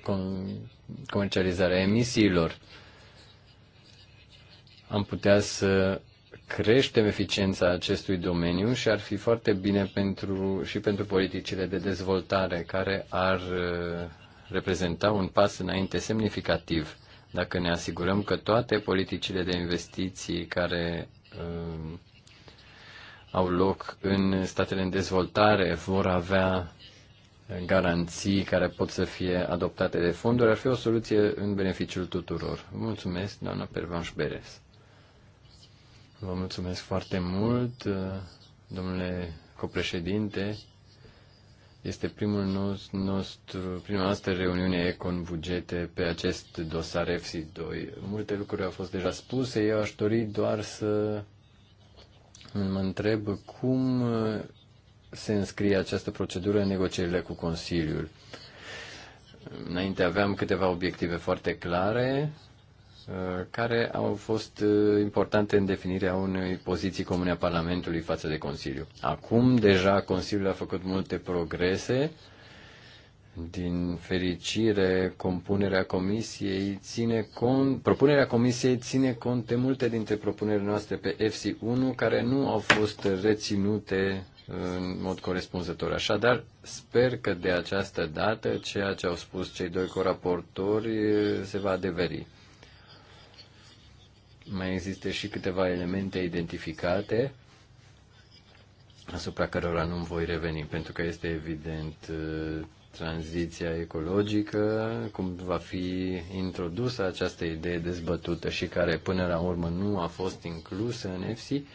comercializare a emisiilor. Am putea să creștem eficiența acestui domeniu și ar fi foarte bine pentru, și pentru politicile de dezvoltare, care ar uh, reprezenta un pas înainte semnificativ dacă ne asigurăm că toate politicile de investiții care uh, au loc în statele în dezvoltare vor avea garanții care pot să fie adoptate de fonduri, ar fi o soluție în beneficiul tuturor. Mulțumesc, doamna Pervanș Beres. Vă mulțumesc foarte mult, domnule copreședinte. Este primul nostru, prima noastră reuniune Econ Bugete pe acest dosar FC2. Multe lucruri au fost deja spuse, eu aș dori doar să mă întreb cum uh, se înscrie această procedură în negocierile cu Consiliul. Înainte aveam câteva obiective foarte clare uh, care au fost uh, importante în definirea unei poziții comune a Parlamentului față de Consiliu. Acum deja Consiliul a făcut multe progrese din fericire, compunerea comisiei ține cont, propunerea comisiei ține cont de multe dintre propunerile noastre pe FC1 care nu au fost reținute în mod corespunzător. Așadar, sper că de această dată ceea ce au spus cei doi coraportori se va adeveri. Mai există și câteva elemente identificate asupra cărora nu voi reveni, pentru că este evident tranziția ecologică, cum va fi introdusă această idee dezbătută și care până la urmă nu a fost inclusă în EFSI, uh,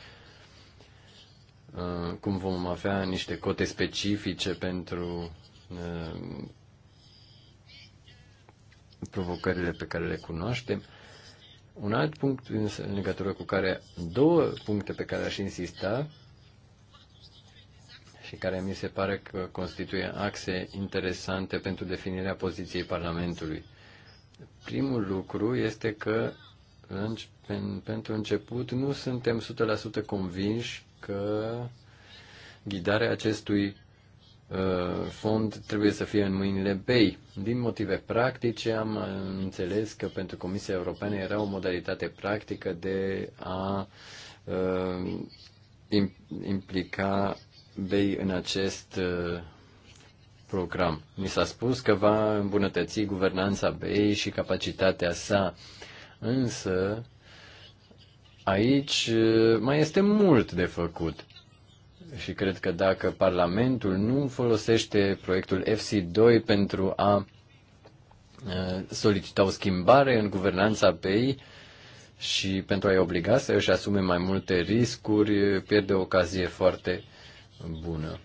cum vom avea niște cote specifice pentru uh, provocările pe care le cunoaștem. Un alt punct în legătură cu care, două puncte pe care aș insista, și care mi se pare că constituie axe interesante pentru definirea poziției Parlamentului. Primul lucru este că în, pentru început nu suntem 100% convinși că ghidarea acestui uh, fond trebuie să fie în mâinile BEI. Din motive practice am înțeles că pentru Comisia Europeană era o modalitate practică de a uh, implica bei în acest uh, program. Mi s-a spus că va îmbunătăți guvernanța BEI și capacitatea sa, însă aici uh, mai este mult de făcut. Și cred că dacă Parlamentul nu folosește proiectul FC2 pentru a uh, solicita o schimbare în guvernanța BEI și pentru a-i obliga să își asume mai multe riscuri, pierde o ocazie foarte bună.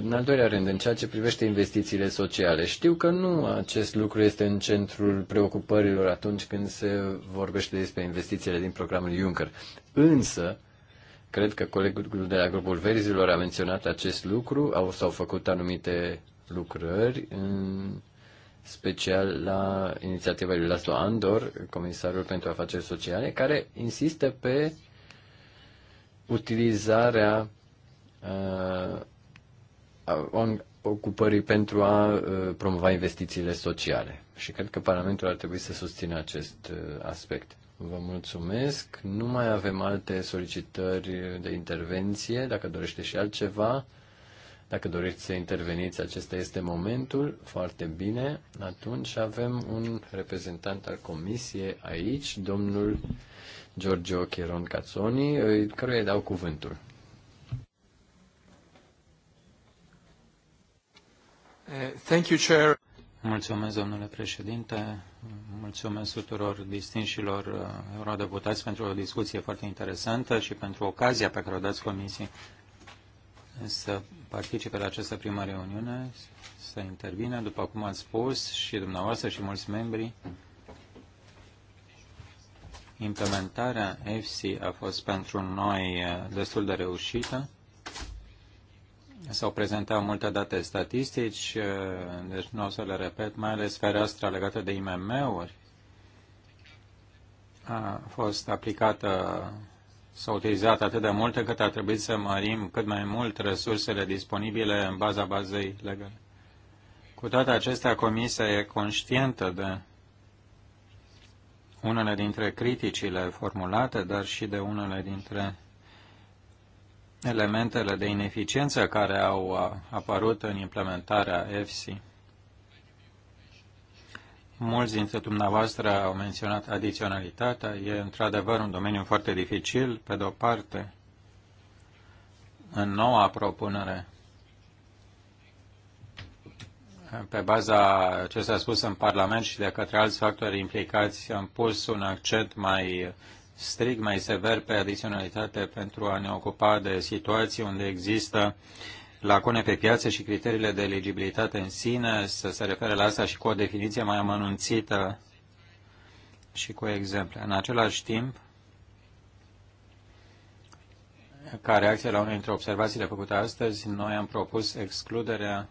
În al doilea rând, în ceea ce privește investițiile sociale, știu că nu acest lucru este în centrul preocupărilor atunci când se vorbește despre investițiile din programul Juncker. Însă, cred că colegul de la grupul Verzilor a menționat acest lucru, au, s-au făcut anumite lucrări, în special la inițiativa lui Laszlo Andor, comisarul pentru afaceri sociale, care insistă pe utilizarea uh, ocupării pentru a uh, promova investițiile sociale. Și cred că Parlamentul ar trebui să susțină acest uh, aspect. Vă mulțumesc. Nu mai avem alte solicitări de intervenție. Dacă dorește și altceva, dacă doriți să interveniți, acesta este momentul. Foarte bine. Atunci avem un reprezentant al comisiei aici, domnul Giorgio Chiron Cazzoni, căruia îi dau cuvântul. Thank you, Chair. Mulțumesc, domnule președinte. Mulțumesc tuturor distinșilor uh, eurodeputați pentru o discuție foarte interesantă și pentru ocazia pe care o dați comisiei să participe la această primă reuniune, să intervină, după cum ați spus, și dumneavoastră și mulți membri. Implementarea EFSI a fost pentru noi uh, destul de reușită S-au prezentat multe date statistici, eh, deci nu o să le repet, mai ales fereastra legată de IMM-uri a fost aplicată s-a utilizat atât de multe cât a trebuit să mărim cât mai mult resursele disponibile în baza bazei legale. Cu toate acestea, Comisia e conștientă de unele dintre criticile formulate, dar și de unele dintre elementele de ineficiență care au uh, apărut în implementarea EFSI. Mulți dintre dumneavoastră au menționat adiționalitatea. E într-adevăr un domeniu foarte dificil, pe de-o parte, în noua propunere pe baza ce s-a spus în Parlament și de către alți factori implicați, am pus un accent mai strict mai sever pe adiționalitate pentru a ne ocupa de situații unde există lacune pe piață și criteriile de eligibilitate în sine, să se refere la asta și cu o definiție mai amănunțită și cu exemple. În același timp, ca reacție la unul dintre observațiile făcute astăzi, noi am propus excluderea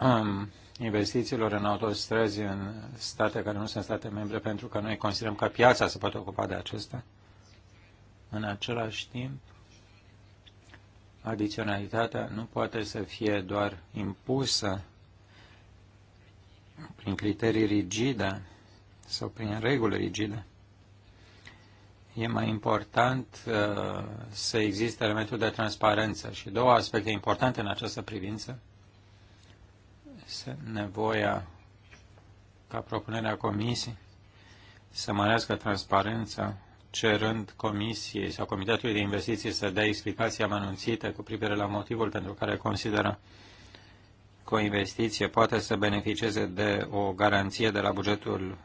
um, investițiilor în autostrăzi în state care nu sunt state membre, pentru că noi considerăm că piața se poate ocupa de acestea. În același timp, adiționalitatea nu poate să fie doar impusă prin criterii rigide sau prin reguli rigide. E mai important uh, să existe elementul de transparență și două aspecte importante în această privință nevoia ca propunerea comisiei să mărească transparența, cerând comisiei sau Comitetului de Investiții să dea explicații amănunțite cu privire la motivul pentru care consideră că o investiție poate să beneficieze de o garanție de la bugetul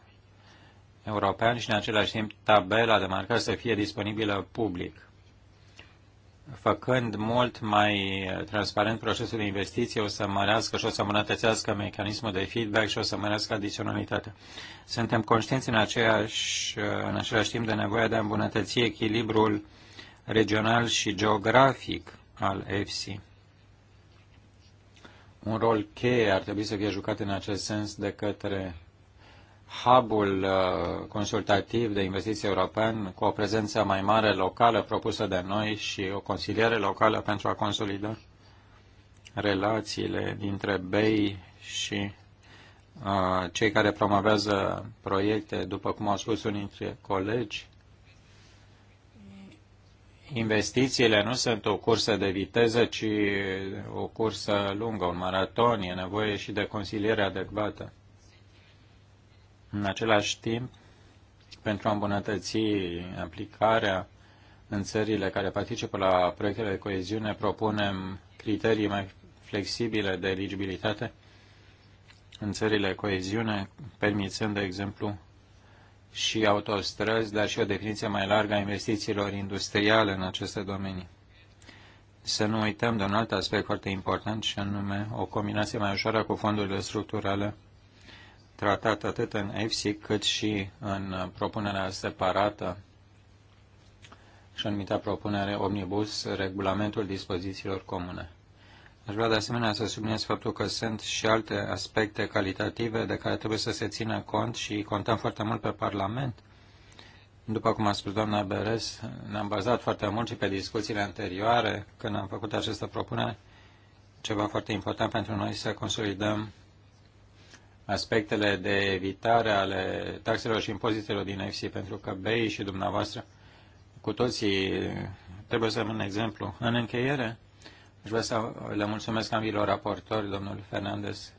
european și în același timp tabela de marcare să fie disponibilă public făcând mult mai transparent procesul de investiție, o să mărească și o să îmbunătățească mecanismul de feedback și o să mărească adiționalitatea. Suntem conștienți în, aceeași, în același timp de nevoia de a îmbunătăți echilibrul regional și geografic al EFSI. Un rol cheie ar trebui să fie jucat în acest sens de către hubul uh, consultativ de investiții european cu o prezență mai mare locală propusă de noi și o consiliere locală pentru a consolida relațiile dintre BEI și uh, cei care promovează proiecte, după cum au spus unii dintre colegi. Investițiile nu sunt o cursă de viteză, ci o cursă lungă, un maraton. E nevoie și de consiliere adecvată în același timp, pentru a îmbunătăți aplicarea în țările care participă la proiectele de coeziune, propunem criterii mai flexibile de eligibilitate în țările coeziune, permițând, de exemplu, și autostrăzi, dar și o definiție mai largă a investițiilor industriale în aceste domenii. Să nu uităm de un alt aspect foarte important și anume o combinație mai ușoară cu fondurile structurale tratat atât în EFSI cât și în propunerea separată și anumită propunere omnibus, regulamentul dispozițiilor comune. Aș vrea de asemenea să subliniez faptul că sunt și alte aspecte calitative de care trebuie să se țină cont și contăm foarte mult pe Parlament. După cum a spus doamna Beres, ne-am bazat foarte mult și pe discuțiile anterioare când am făcut această propunere. Ceva foarte important pentru noi să consolidăm aspectele de evitare ale taxelor și impozitelor din EFSI, pentru că BEI și dumneavoastră cu toții trebuie să am un exemplu. În încheiere, aș vrea să le mulțumesc ambilor raportori, domnul Fernandez,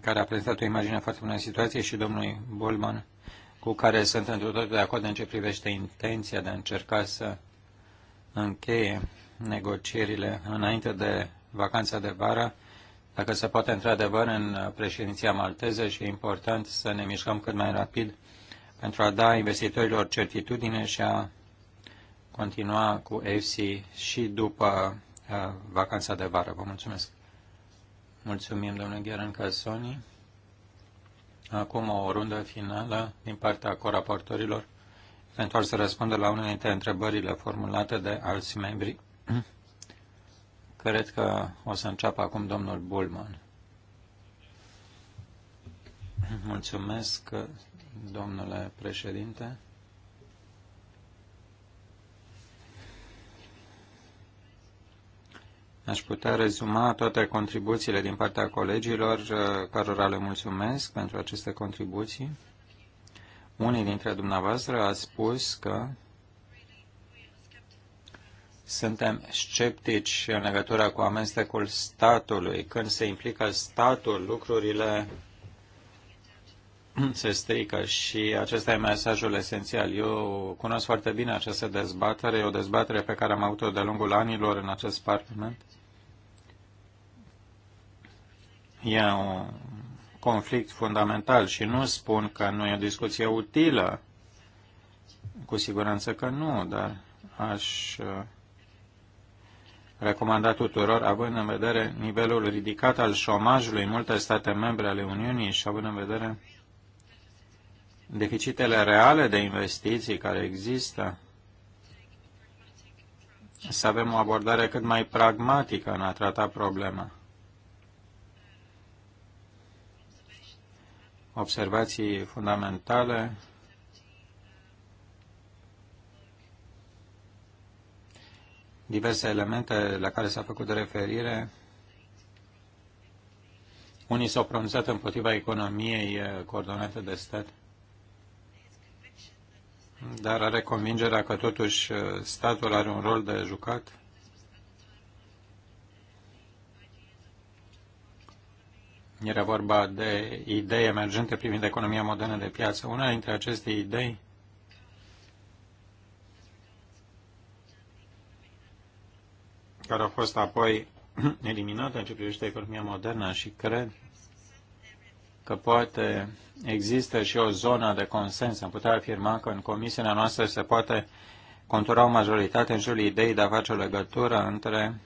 care a prezentat o imagine foarte bună în situație și domnului Bolman, cu care sunt într totul de acord în ce privește intenția de a încerca să încheie negocierile înainte de vacanța de vară dacă se poate într-adevăr în președinția malteză și e important să ne mișcăm cât mai rapid pentru a da investitorilor certitudine și a continua cu EFSI și după uh, vacanța de vară. Vă mulțumesc! Mulțumim, domnule Gheran Casoni. Acum o rundă finală din partea coraportorilor pentru a se răspunde la unele dintre întrebările formulate de alți membri. Cred că o să înceapă acum domnul Bulman. Mulțumesc, domnule președinte. Aș putea rezuma toate contribuțiile din partea colegilor, uh, cărora le mulțumesc pentru aceste contribuții. Unii dintre dumneavoastră a spus că suntem sceptici în legătură cu amestecul statului. Când se implică statul, lucrurile se strică și acesta e mesajul esențial. Eu cunosc foarte bine această dezbatere, e o dezbatere pe care am avut-o de-a lungul anilor în acest parlament. E un conflict fundamental și nu spun că nu e o discuție utilă, cu siguranță că nu, dar aș recomandat tuturor, având în vedere nivelul ridicat al șomajului în multe state membre ale Uniunii și având în vedere deficitele reale de investiții care există, să avem o abordare cât mai pragmatică în a trata problema. Observații fundamentale diverse elemente la care s-a făcut referire. Unii s-au pronunțat împotriva economiei eh, coordonate de stat, dar are convingerea că totuși eh, statul are un rol de jucat. Era vorba de idei emergente privind economia modernă de piață. Una dintre aceste idei care au fost apoi eliminate în ce privește economia modernă și cred că poate există și o zonă de consens. Am putea afirma că în comisia noastră se poate contura o majoritate în jurul ideii de a face o legătură între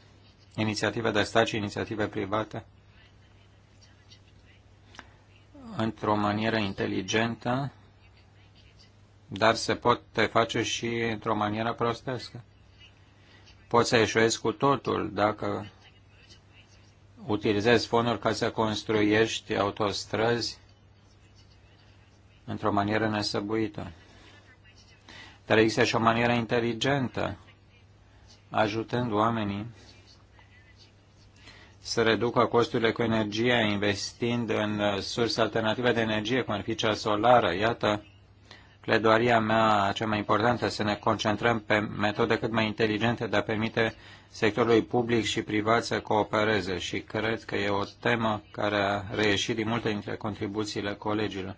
inițiative de stat și inițiative private într-o manieră inteligentă, dar se poate face și într-o manieră prostească. Poți să eșuezi cu totul dacă utilizezi fonduri ca să construiești autostrăzi într-o manieră nesăbuită. Dar există și o manieră inteligentă, ajutând oamenii să reducă costurile cu energie, investind în surse alternative de energie, cum ar fi cea solară. Iată pledoaria mea cea mai importantă, să ne concentrăm pe metode cât mai inteligente de a permite sectorului public și privat să coopereze și cred că e o temă care a reieșit din multe dintre contribuțiile colegilor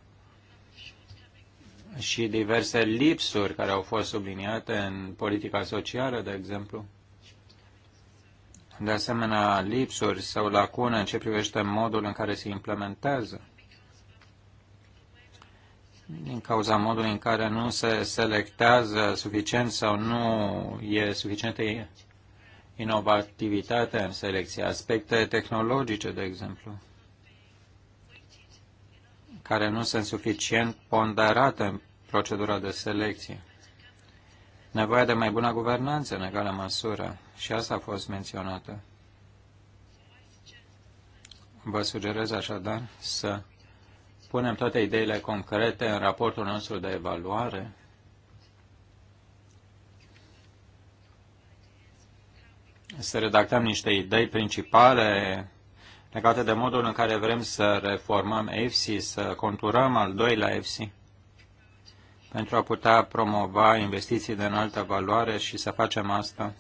și diverse lipsuri care au fost subliniate în politica socială, de exemplu. De asemenea, lipsuri sau lacune în ce privește modul în care se implementează din cauza modului în care nu se selectează suficient sau nu e suficientă inovativitate în selecție, aspecte tehnologice, de exemplu, care nu sunt suficient ponderate în procedura de selecție. Nevoia de mai bună guvernanță în egală măsură și asta a fost menționată. Vă sugerez așadar să punem toate ideile concrete în raportul nostru de evaluare. Să redactăm niște idei principale legate de modul în care vrem să reformăm EFSI, să conturăm al doilea EFSI pentru a putea promova investiții de înaltă valoare și să facem asta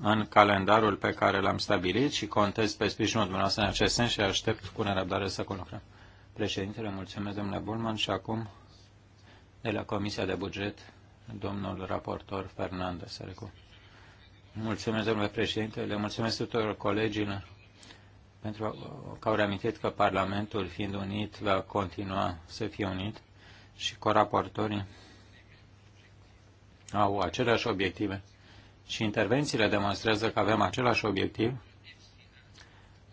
în calendarul pe care l-am stabilit și contez pe sprijinul dumneavoastră în acest sens și aștept cu nerăbdare să conlucrăm. Președintele, mulțumesc, domnule Bulman. Și acum, de la Comisia de Buget, domnul raportor Fernando Arecu. Mulțumesc, domnule președinte, le mulțumesc tuturor colegilor pentru că au reamintit că Parlamentul, fiind unit, va continua să fie unit și coraportorii au aceleași obiective și intervențiile demonstrează că avem același obiectiv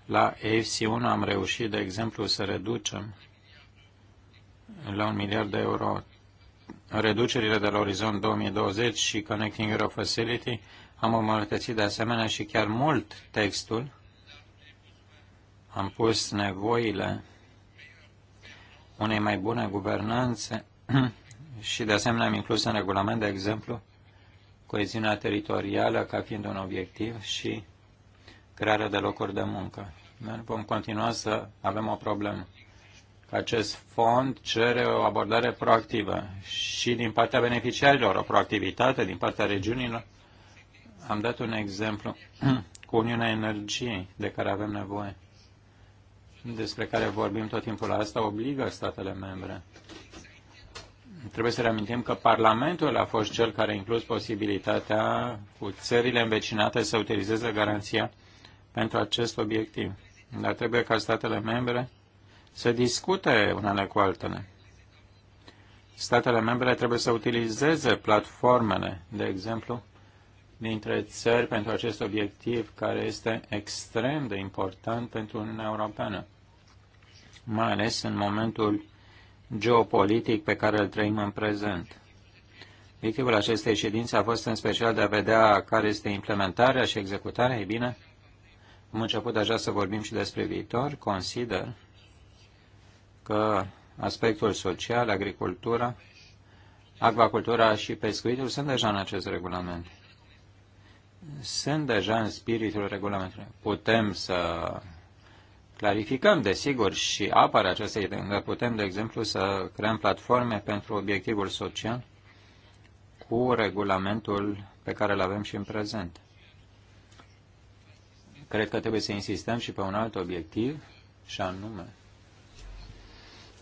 la afc 1 am reușit, de exemplu, să reducem la un miliard de euro reducerile de la Orizont 2020 și Connecting Euro Facility. Am îmbunătățit de asemenea și chiar mult textul. Am pus nevoile unei mai bune guvernanțe și de asemenea am inclus în regulament, de exemplu, coeziunea teritorială ca fiind un obiectiv și crearea de locuri de muncă. Dar vom continua să avem o problemă. Că acest fond cere o abordare proactivă și din partea beneficiarilor, o proactivitate din partea regiunilor. Am dat un exemplu cu Uniunea Energiei de care avem nevoie, despre care vorbim tot timpul. Asta obligă statele membre trebuie să reamintim că Parlamentul a fost cel care a inclus posibilitatea cu țările învecinate să utilizeze garanția pentru acest obiectiv. Dar trebuie ca statele membre să discute unele cu altele. Statele membre trebuie să utilizeze platformele, de exemplu, dintre țări pentru acest obiectiv care este extrem de important pentru Uniunea Europeană, mai ales în momentul geopolitic pe care îl trăim în prezent. Obiectivul acestei ședințe a fost în special de a vedea care este implementarea și executarea, ei bine, am început deja să vorbim și despre viitor. Consider că aspectul social, agricultura, acvacultura și pescuitul sunt deja în acest regulament. Sunt deja în spiritul regulamentului. Putem să clarificăm, desigur, și apare această idee, putem, de exemplu, să creăm platforme pentru obiectivul social cu regulamentul pe care îl avem și în prezent cred că trebuie să insistăm și pe un alt obiectiv, și anume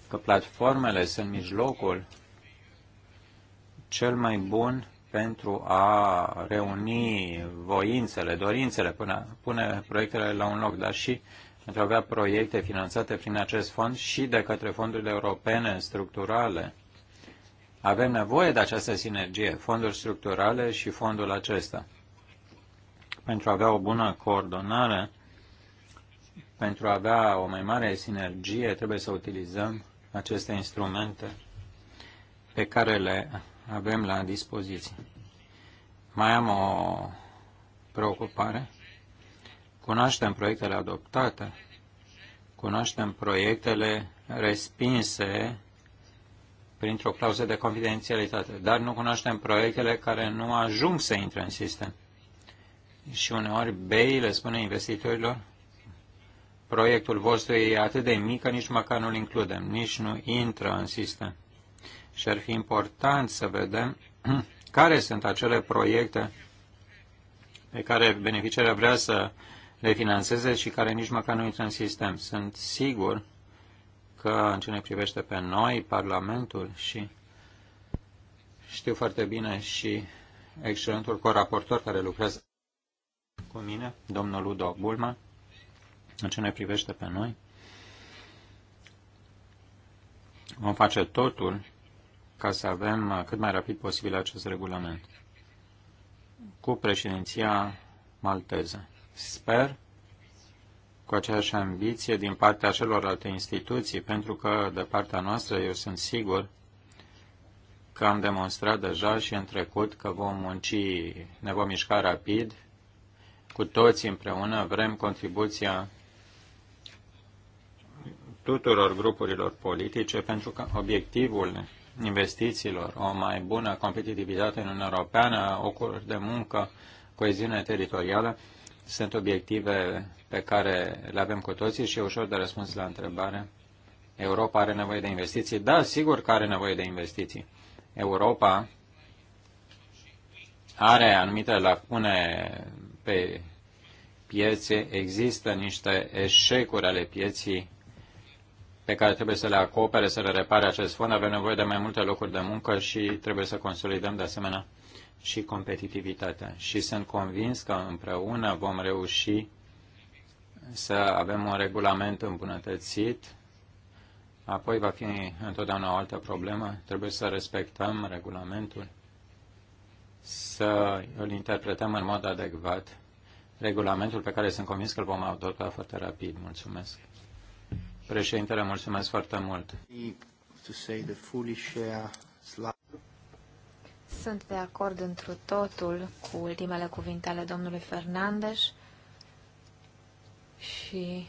că platformele sunt mijlocul cel mai bun pentru a reuni voințele, dorințele, până pune proiectele la un loc, dar și pentru a avea proiecte finanțate prin acest fond și de către fondurile europene structurale. Avem nevoie de această sinergie, fonduri structurale și fondul acesta pentru a avea o bună coordonare, pentru a avea o mai mare sinergie, trebuie să utilizăm aceste instrumente pe care le avem la dispoziție. Mai am o preocupare. Cunoaștem proiectele adoptate, cunoaștem proiectele respinse printr-o clauză de confidențialitate, dar nu cunoaștem proiectele care nu ajung să intre în sistem. Și uneori BEI le spune investitorilor, proiectul vostru e atât de mic că nici măcar nu-l includem, nici nu intră în sistem. Și ar fi important să vedem care sunt acele proiecte pe care beneficiarea vrea să le financeze și care nici măcar nu intră în sistem. Sunt sigur că în ce ne privește pe noi, Parlamentul și știu foarte bine și excelentul coraportor care lucrează cu mine, domnul Ludo Bulma, în ce ne privește pe noi. Vom face totul ca să avem cât mai rapid posibil acest regulament cu președinția malteză. Sper cu aceeași ambiție din partea celorlalte instituții, pentru că de partea noastră eu sunt sigur că am demonstrat deja și în trecut că vom munci, ne vom mișca rapid cu toți împreună vrem contribuția tuturor grupurilor politice pentru că obiectivul investițiilor, o mai bună competitivitate în Uniunea Europeană, locuri de muncă, coeziune teritorială, sunt obiective pe care le avem cu toții și e ușor de răspuns la întrebare. Europa are nevoie de investiții? Da, sigur că are nevoie de investiții. Europa are anumite lacune pe piețe, există niște eșecuri ale pieții pe care trebuie să le acopere, să le repare acest fond. Avem nevoie de mai multe locuri de muncă și trebuie să consolidăm de asemenea și competitivitatea. Și sunt convins că împreună vom reuși să avem un regulament îmbunătățit. Apoi va fi întotdeauna o altă problemă. Trebuie să respectăm regulamentul să îl interpretăm în mod adecvat regulamentul pe care sunt convins că îl vom adopta foarte rapid. Mulțumesc. Președintele, mulțumesc foarte mult. Sunt de acord întru totul cu ultimele cuvinte ale domnului Fernandes și,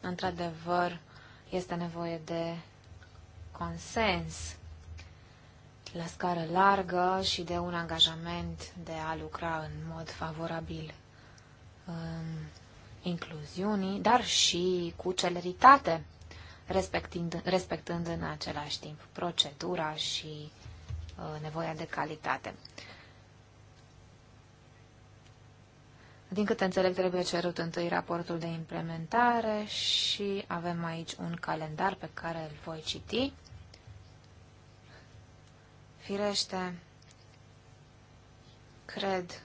într-adevăr, este nevoie de consens la scară largă și de un angajament de a lucra în mod favorabil în incluziunii, dar și cu celeritate, respectând, respectând în același timp procedura și uh, nevoia de calitate. Din câte înțeleg, trebuie cerut întâi raportul de implementare și avem aici un calendar pe care îl voi citi. Firește, cred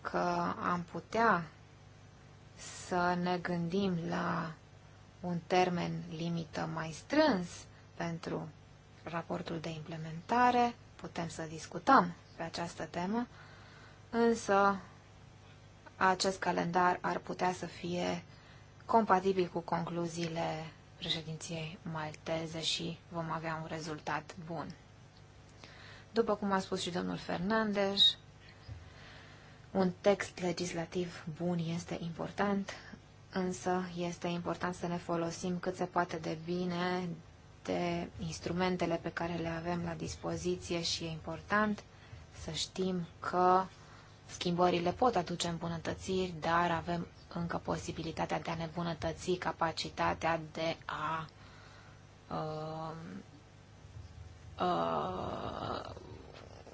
că am putea să ne gândim la un termen limită mai strâns pentru raportul de implementare, putem să discutăm pe această temă, însă acest calendar ar putea să fie compatibil cu concluziile președinției malteze și vom avea un rezultat bun după cum a spus și domnul Fernandez, un text legislativ bun este important, însă este important să ne folosim cât se poate de bine de instrumentele pe care le avem la dispoziție și e important să știm că schimbările pot aduce îmbunătățiri, dar avem încă posibilitatea de a ne bunătăți, capacitatea de a uh, uh,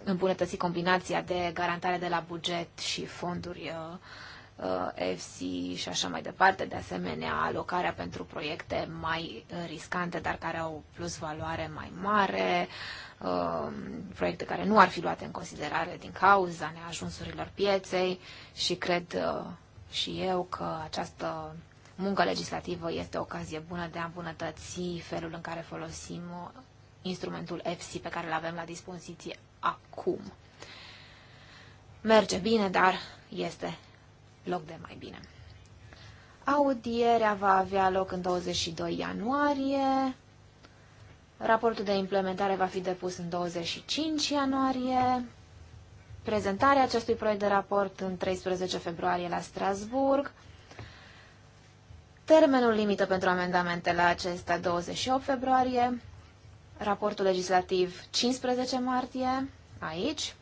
îmbunătăți combinația de garantare de la buget și fonduri uh, uh, FC și așa mai departe, de asemenea alocarea pentru proiecte mai riscante, dar care au plus valoare mai mare, uh, proiecte care nu ar fi luate în considerare din cauza neajunsurilor pieței și cred și eu că această muncă legislativă este o ocazie bună de a îmbunătăți felul în care folosim instrumentul EFSI pe care îl avem la dispoziție acum. Merge bine, dar este loc de mai bine. Audierea va avea loc în 22 ianuarie. Raportul de implementare va fi depus în 25 ianuarie. Prezentarea acestui proiect de raport în 13 februarie la Strasburg. Termenul limită pentru amendamente la acesta 28 februarie raportul legislativ 15 martie, aici.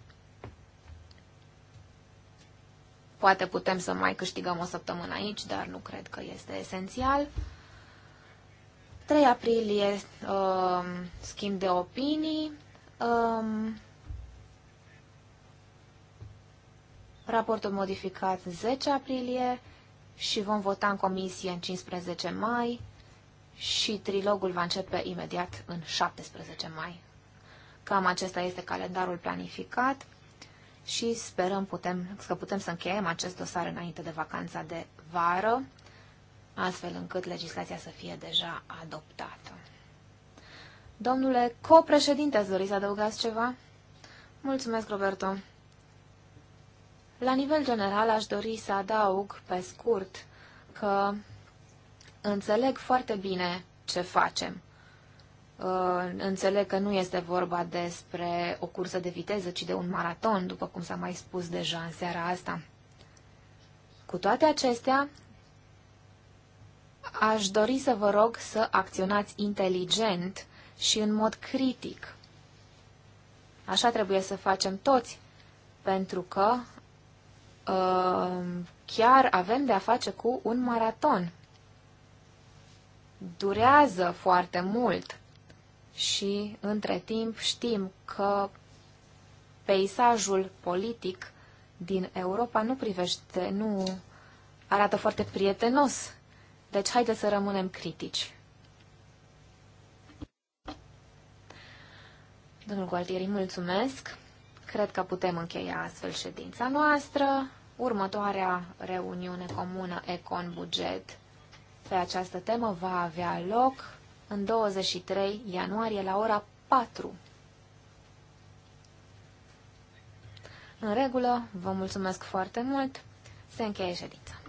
Poate putem să mai câștigăm o săptămână aici, dar nu cred că este esențial. 3 aprilie, uh, schimb de opinii. Um, raportul modificat 10 aprilie și vom vota în comisie în 15 mai și trilogul va începe imediat în 17 mai. Cam acesta este calendarul planificat și sperăm putem, că putem să încheiem acest dosar înainte de vacanța de vară, astfel încât legislația să fie deja adoptată. Domnule copreședinte, ați dori să adăugați ceva? Mulțumesc, Roberto. La nivel general, aș dori să adaug, pe scurt, că înțeleg foarte bine ce facem. Uh, înțeleg că nu este vorba despre o cursă de viteză, ci de un maraton, după cum s-a mai spus deja în seara asta. Cu toate acestea, aș dori să vă rog să acționați inteligent și în mod critic. Așa trebuie să facem toți, pentru că uh, chiar avem de a face cu un maraton durează foarte mult și între timp știm că peisajul politic din Europa nu privește, nu arată foarte prietenos. Deci haideți să rămânem critici. Domnul Gualtieri, mulțumesc. Cred că putem încheia astfel ședința noastră. Următoarea reuniune comună Econ Buget pe această temă va avea loc în 23 ianuarie la ora 4. În regulă, vă mulțumesc foarte mult. Se încheie ședința.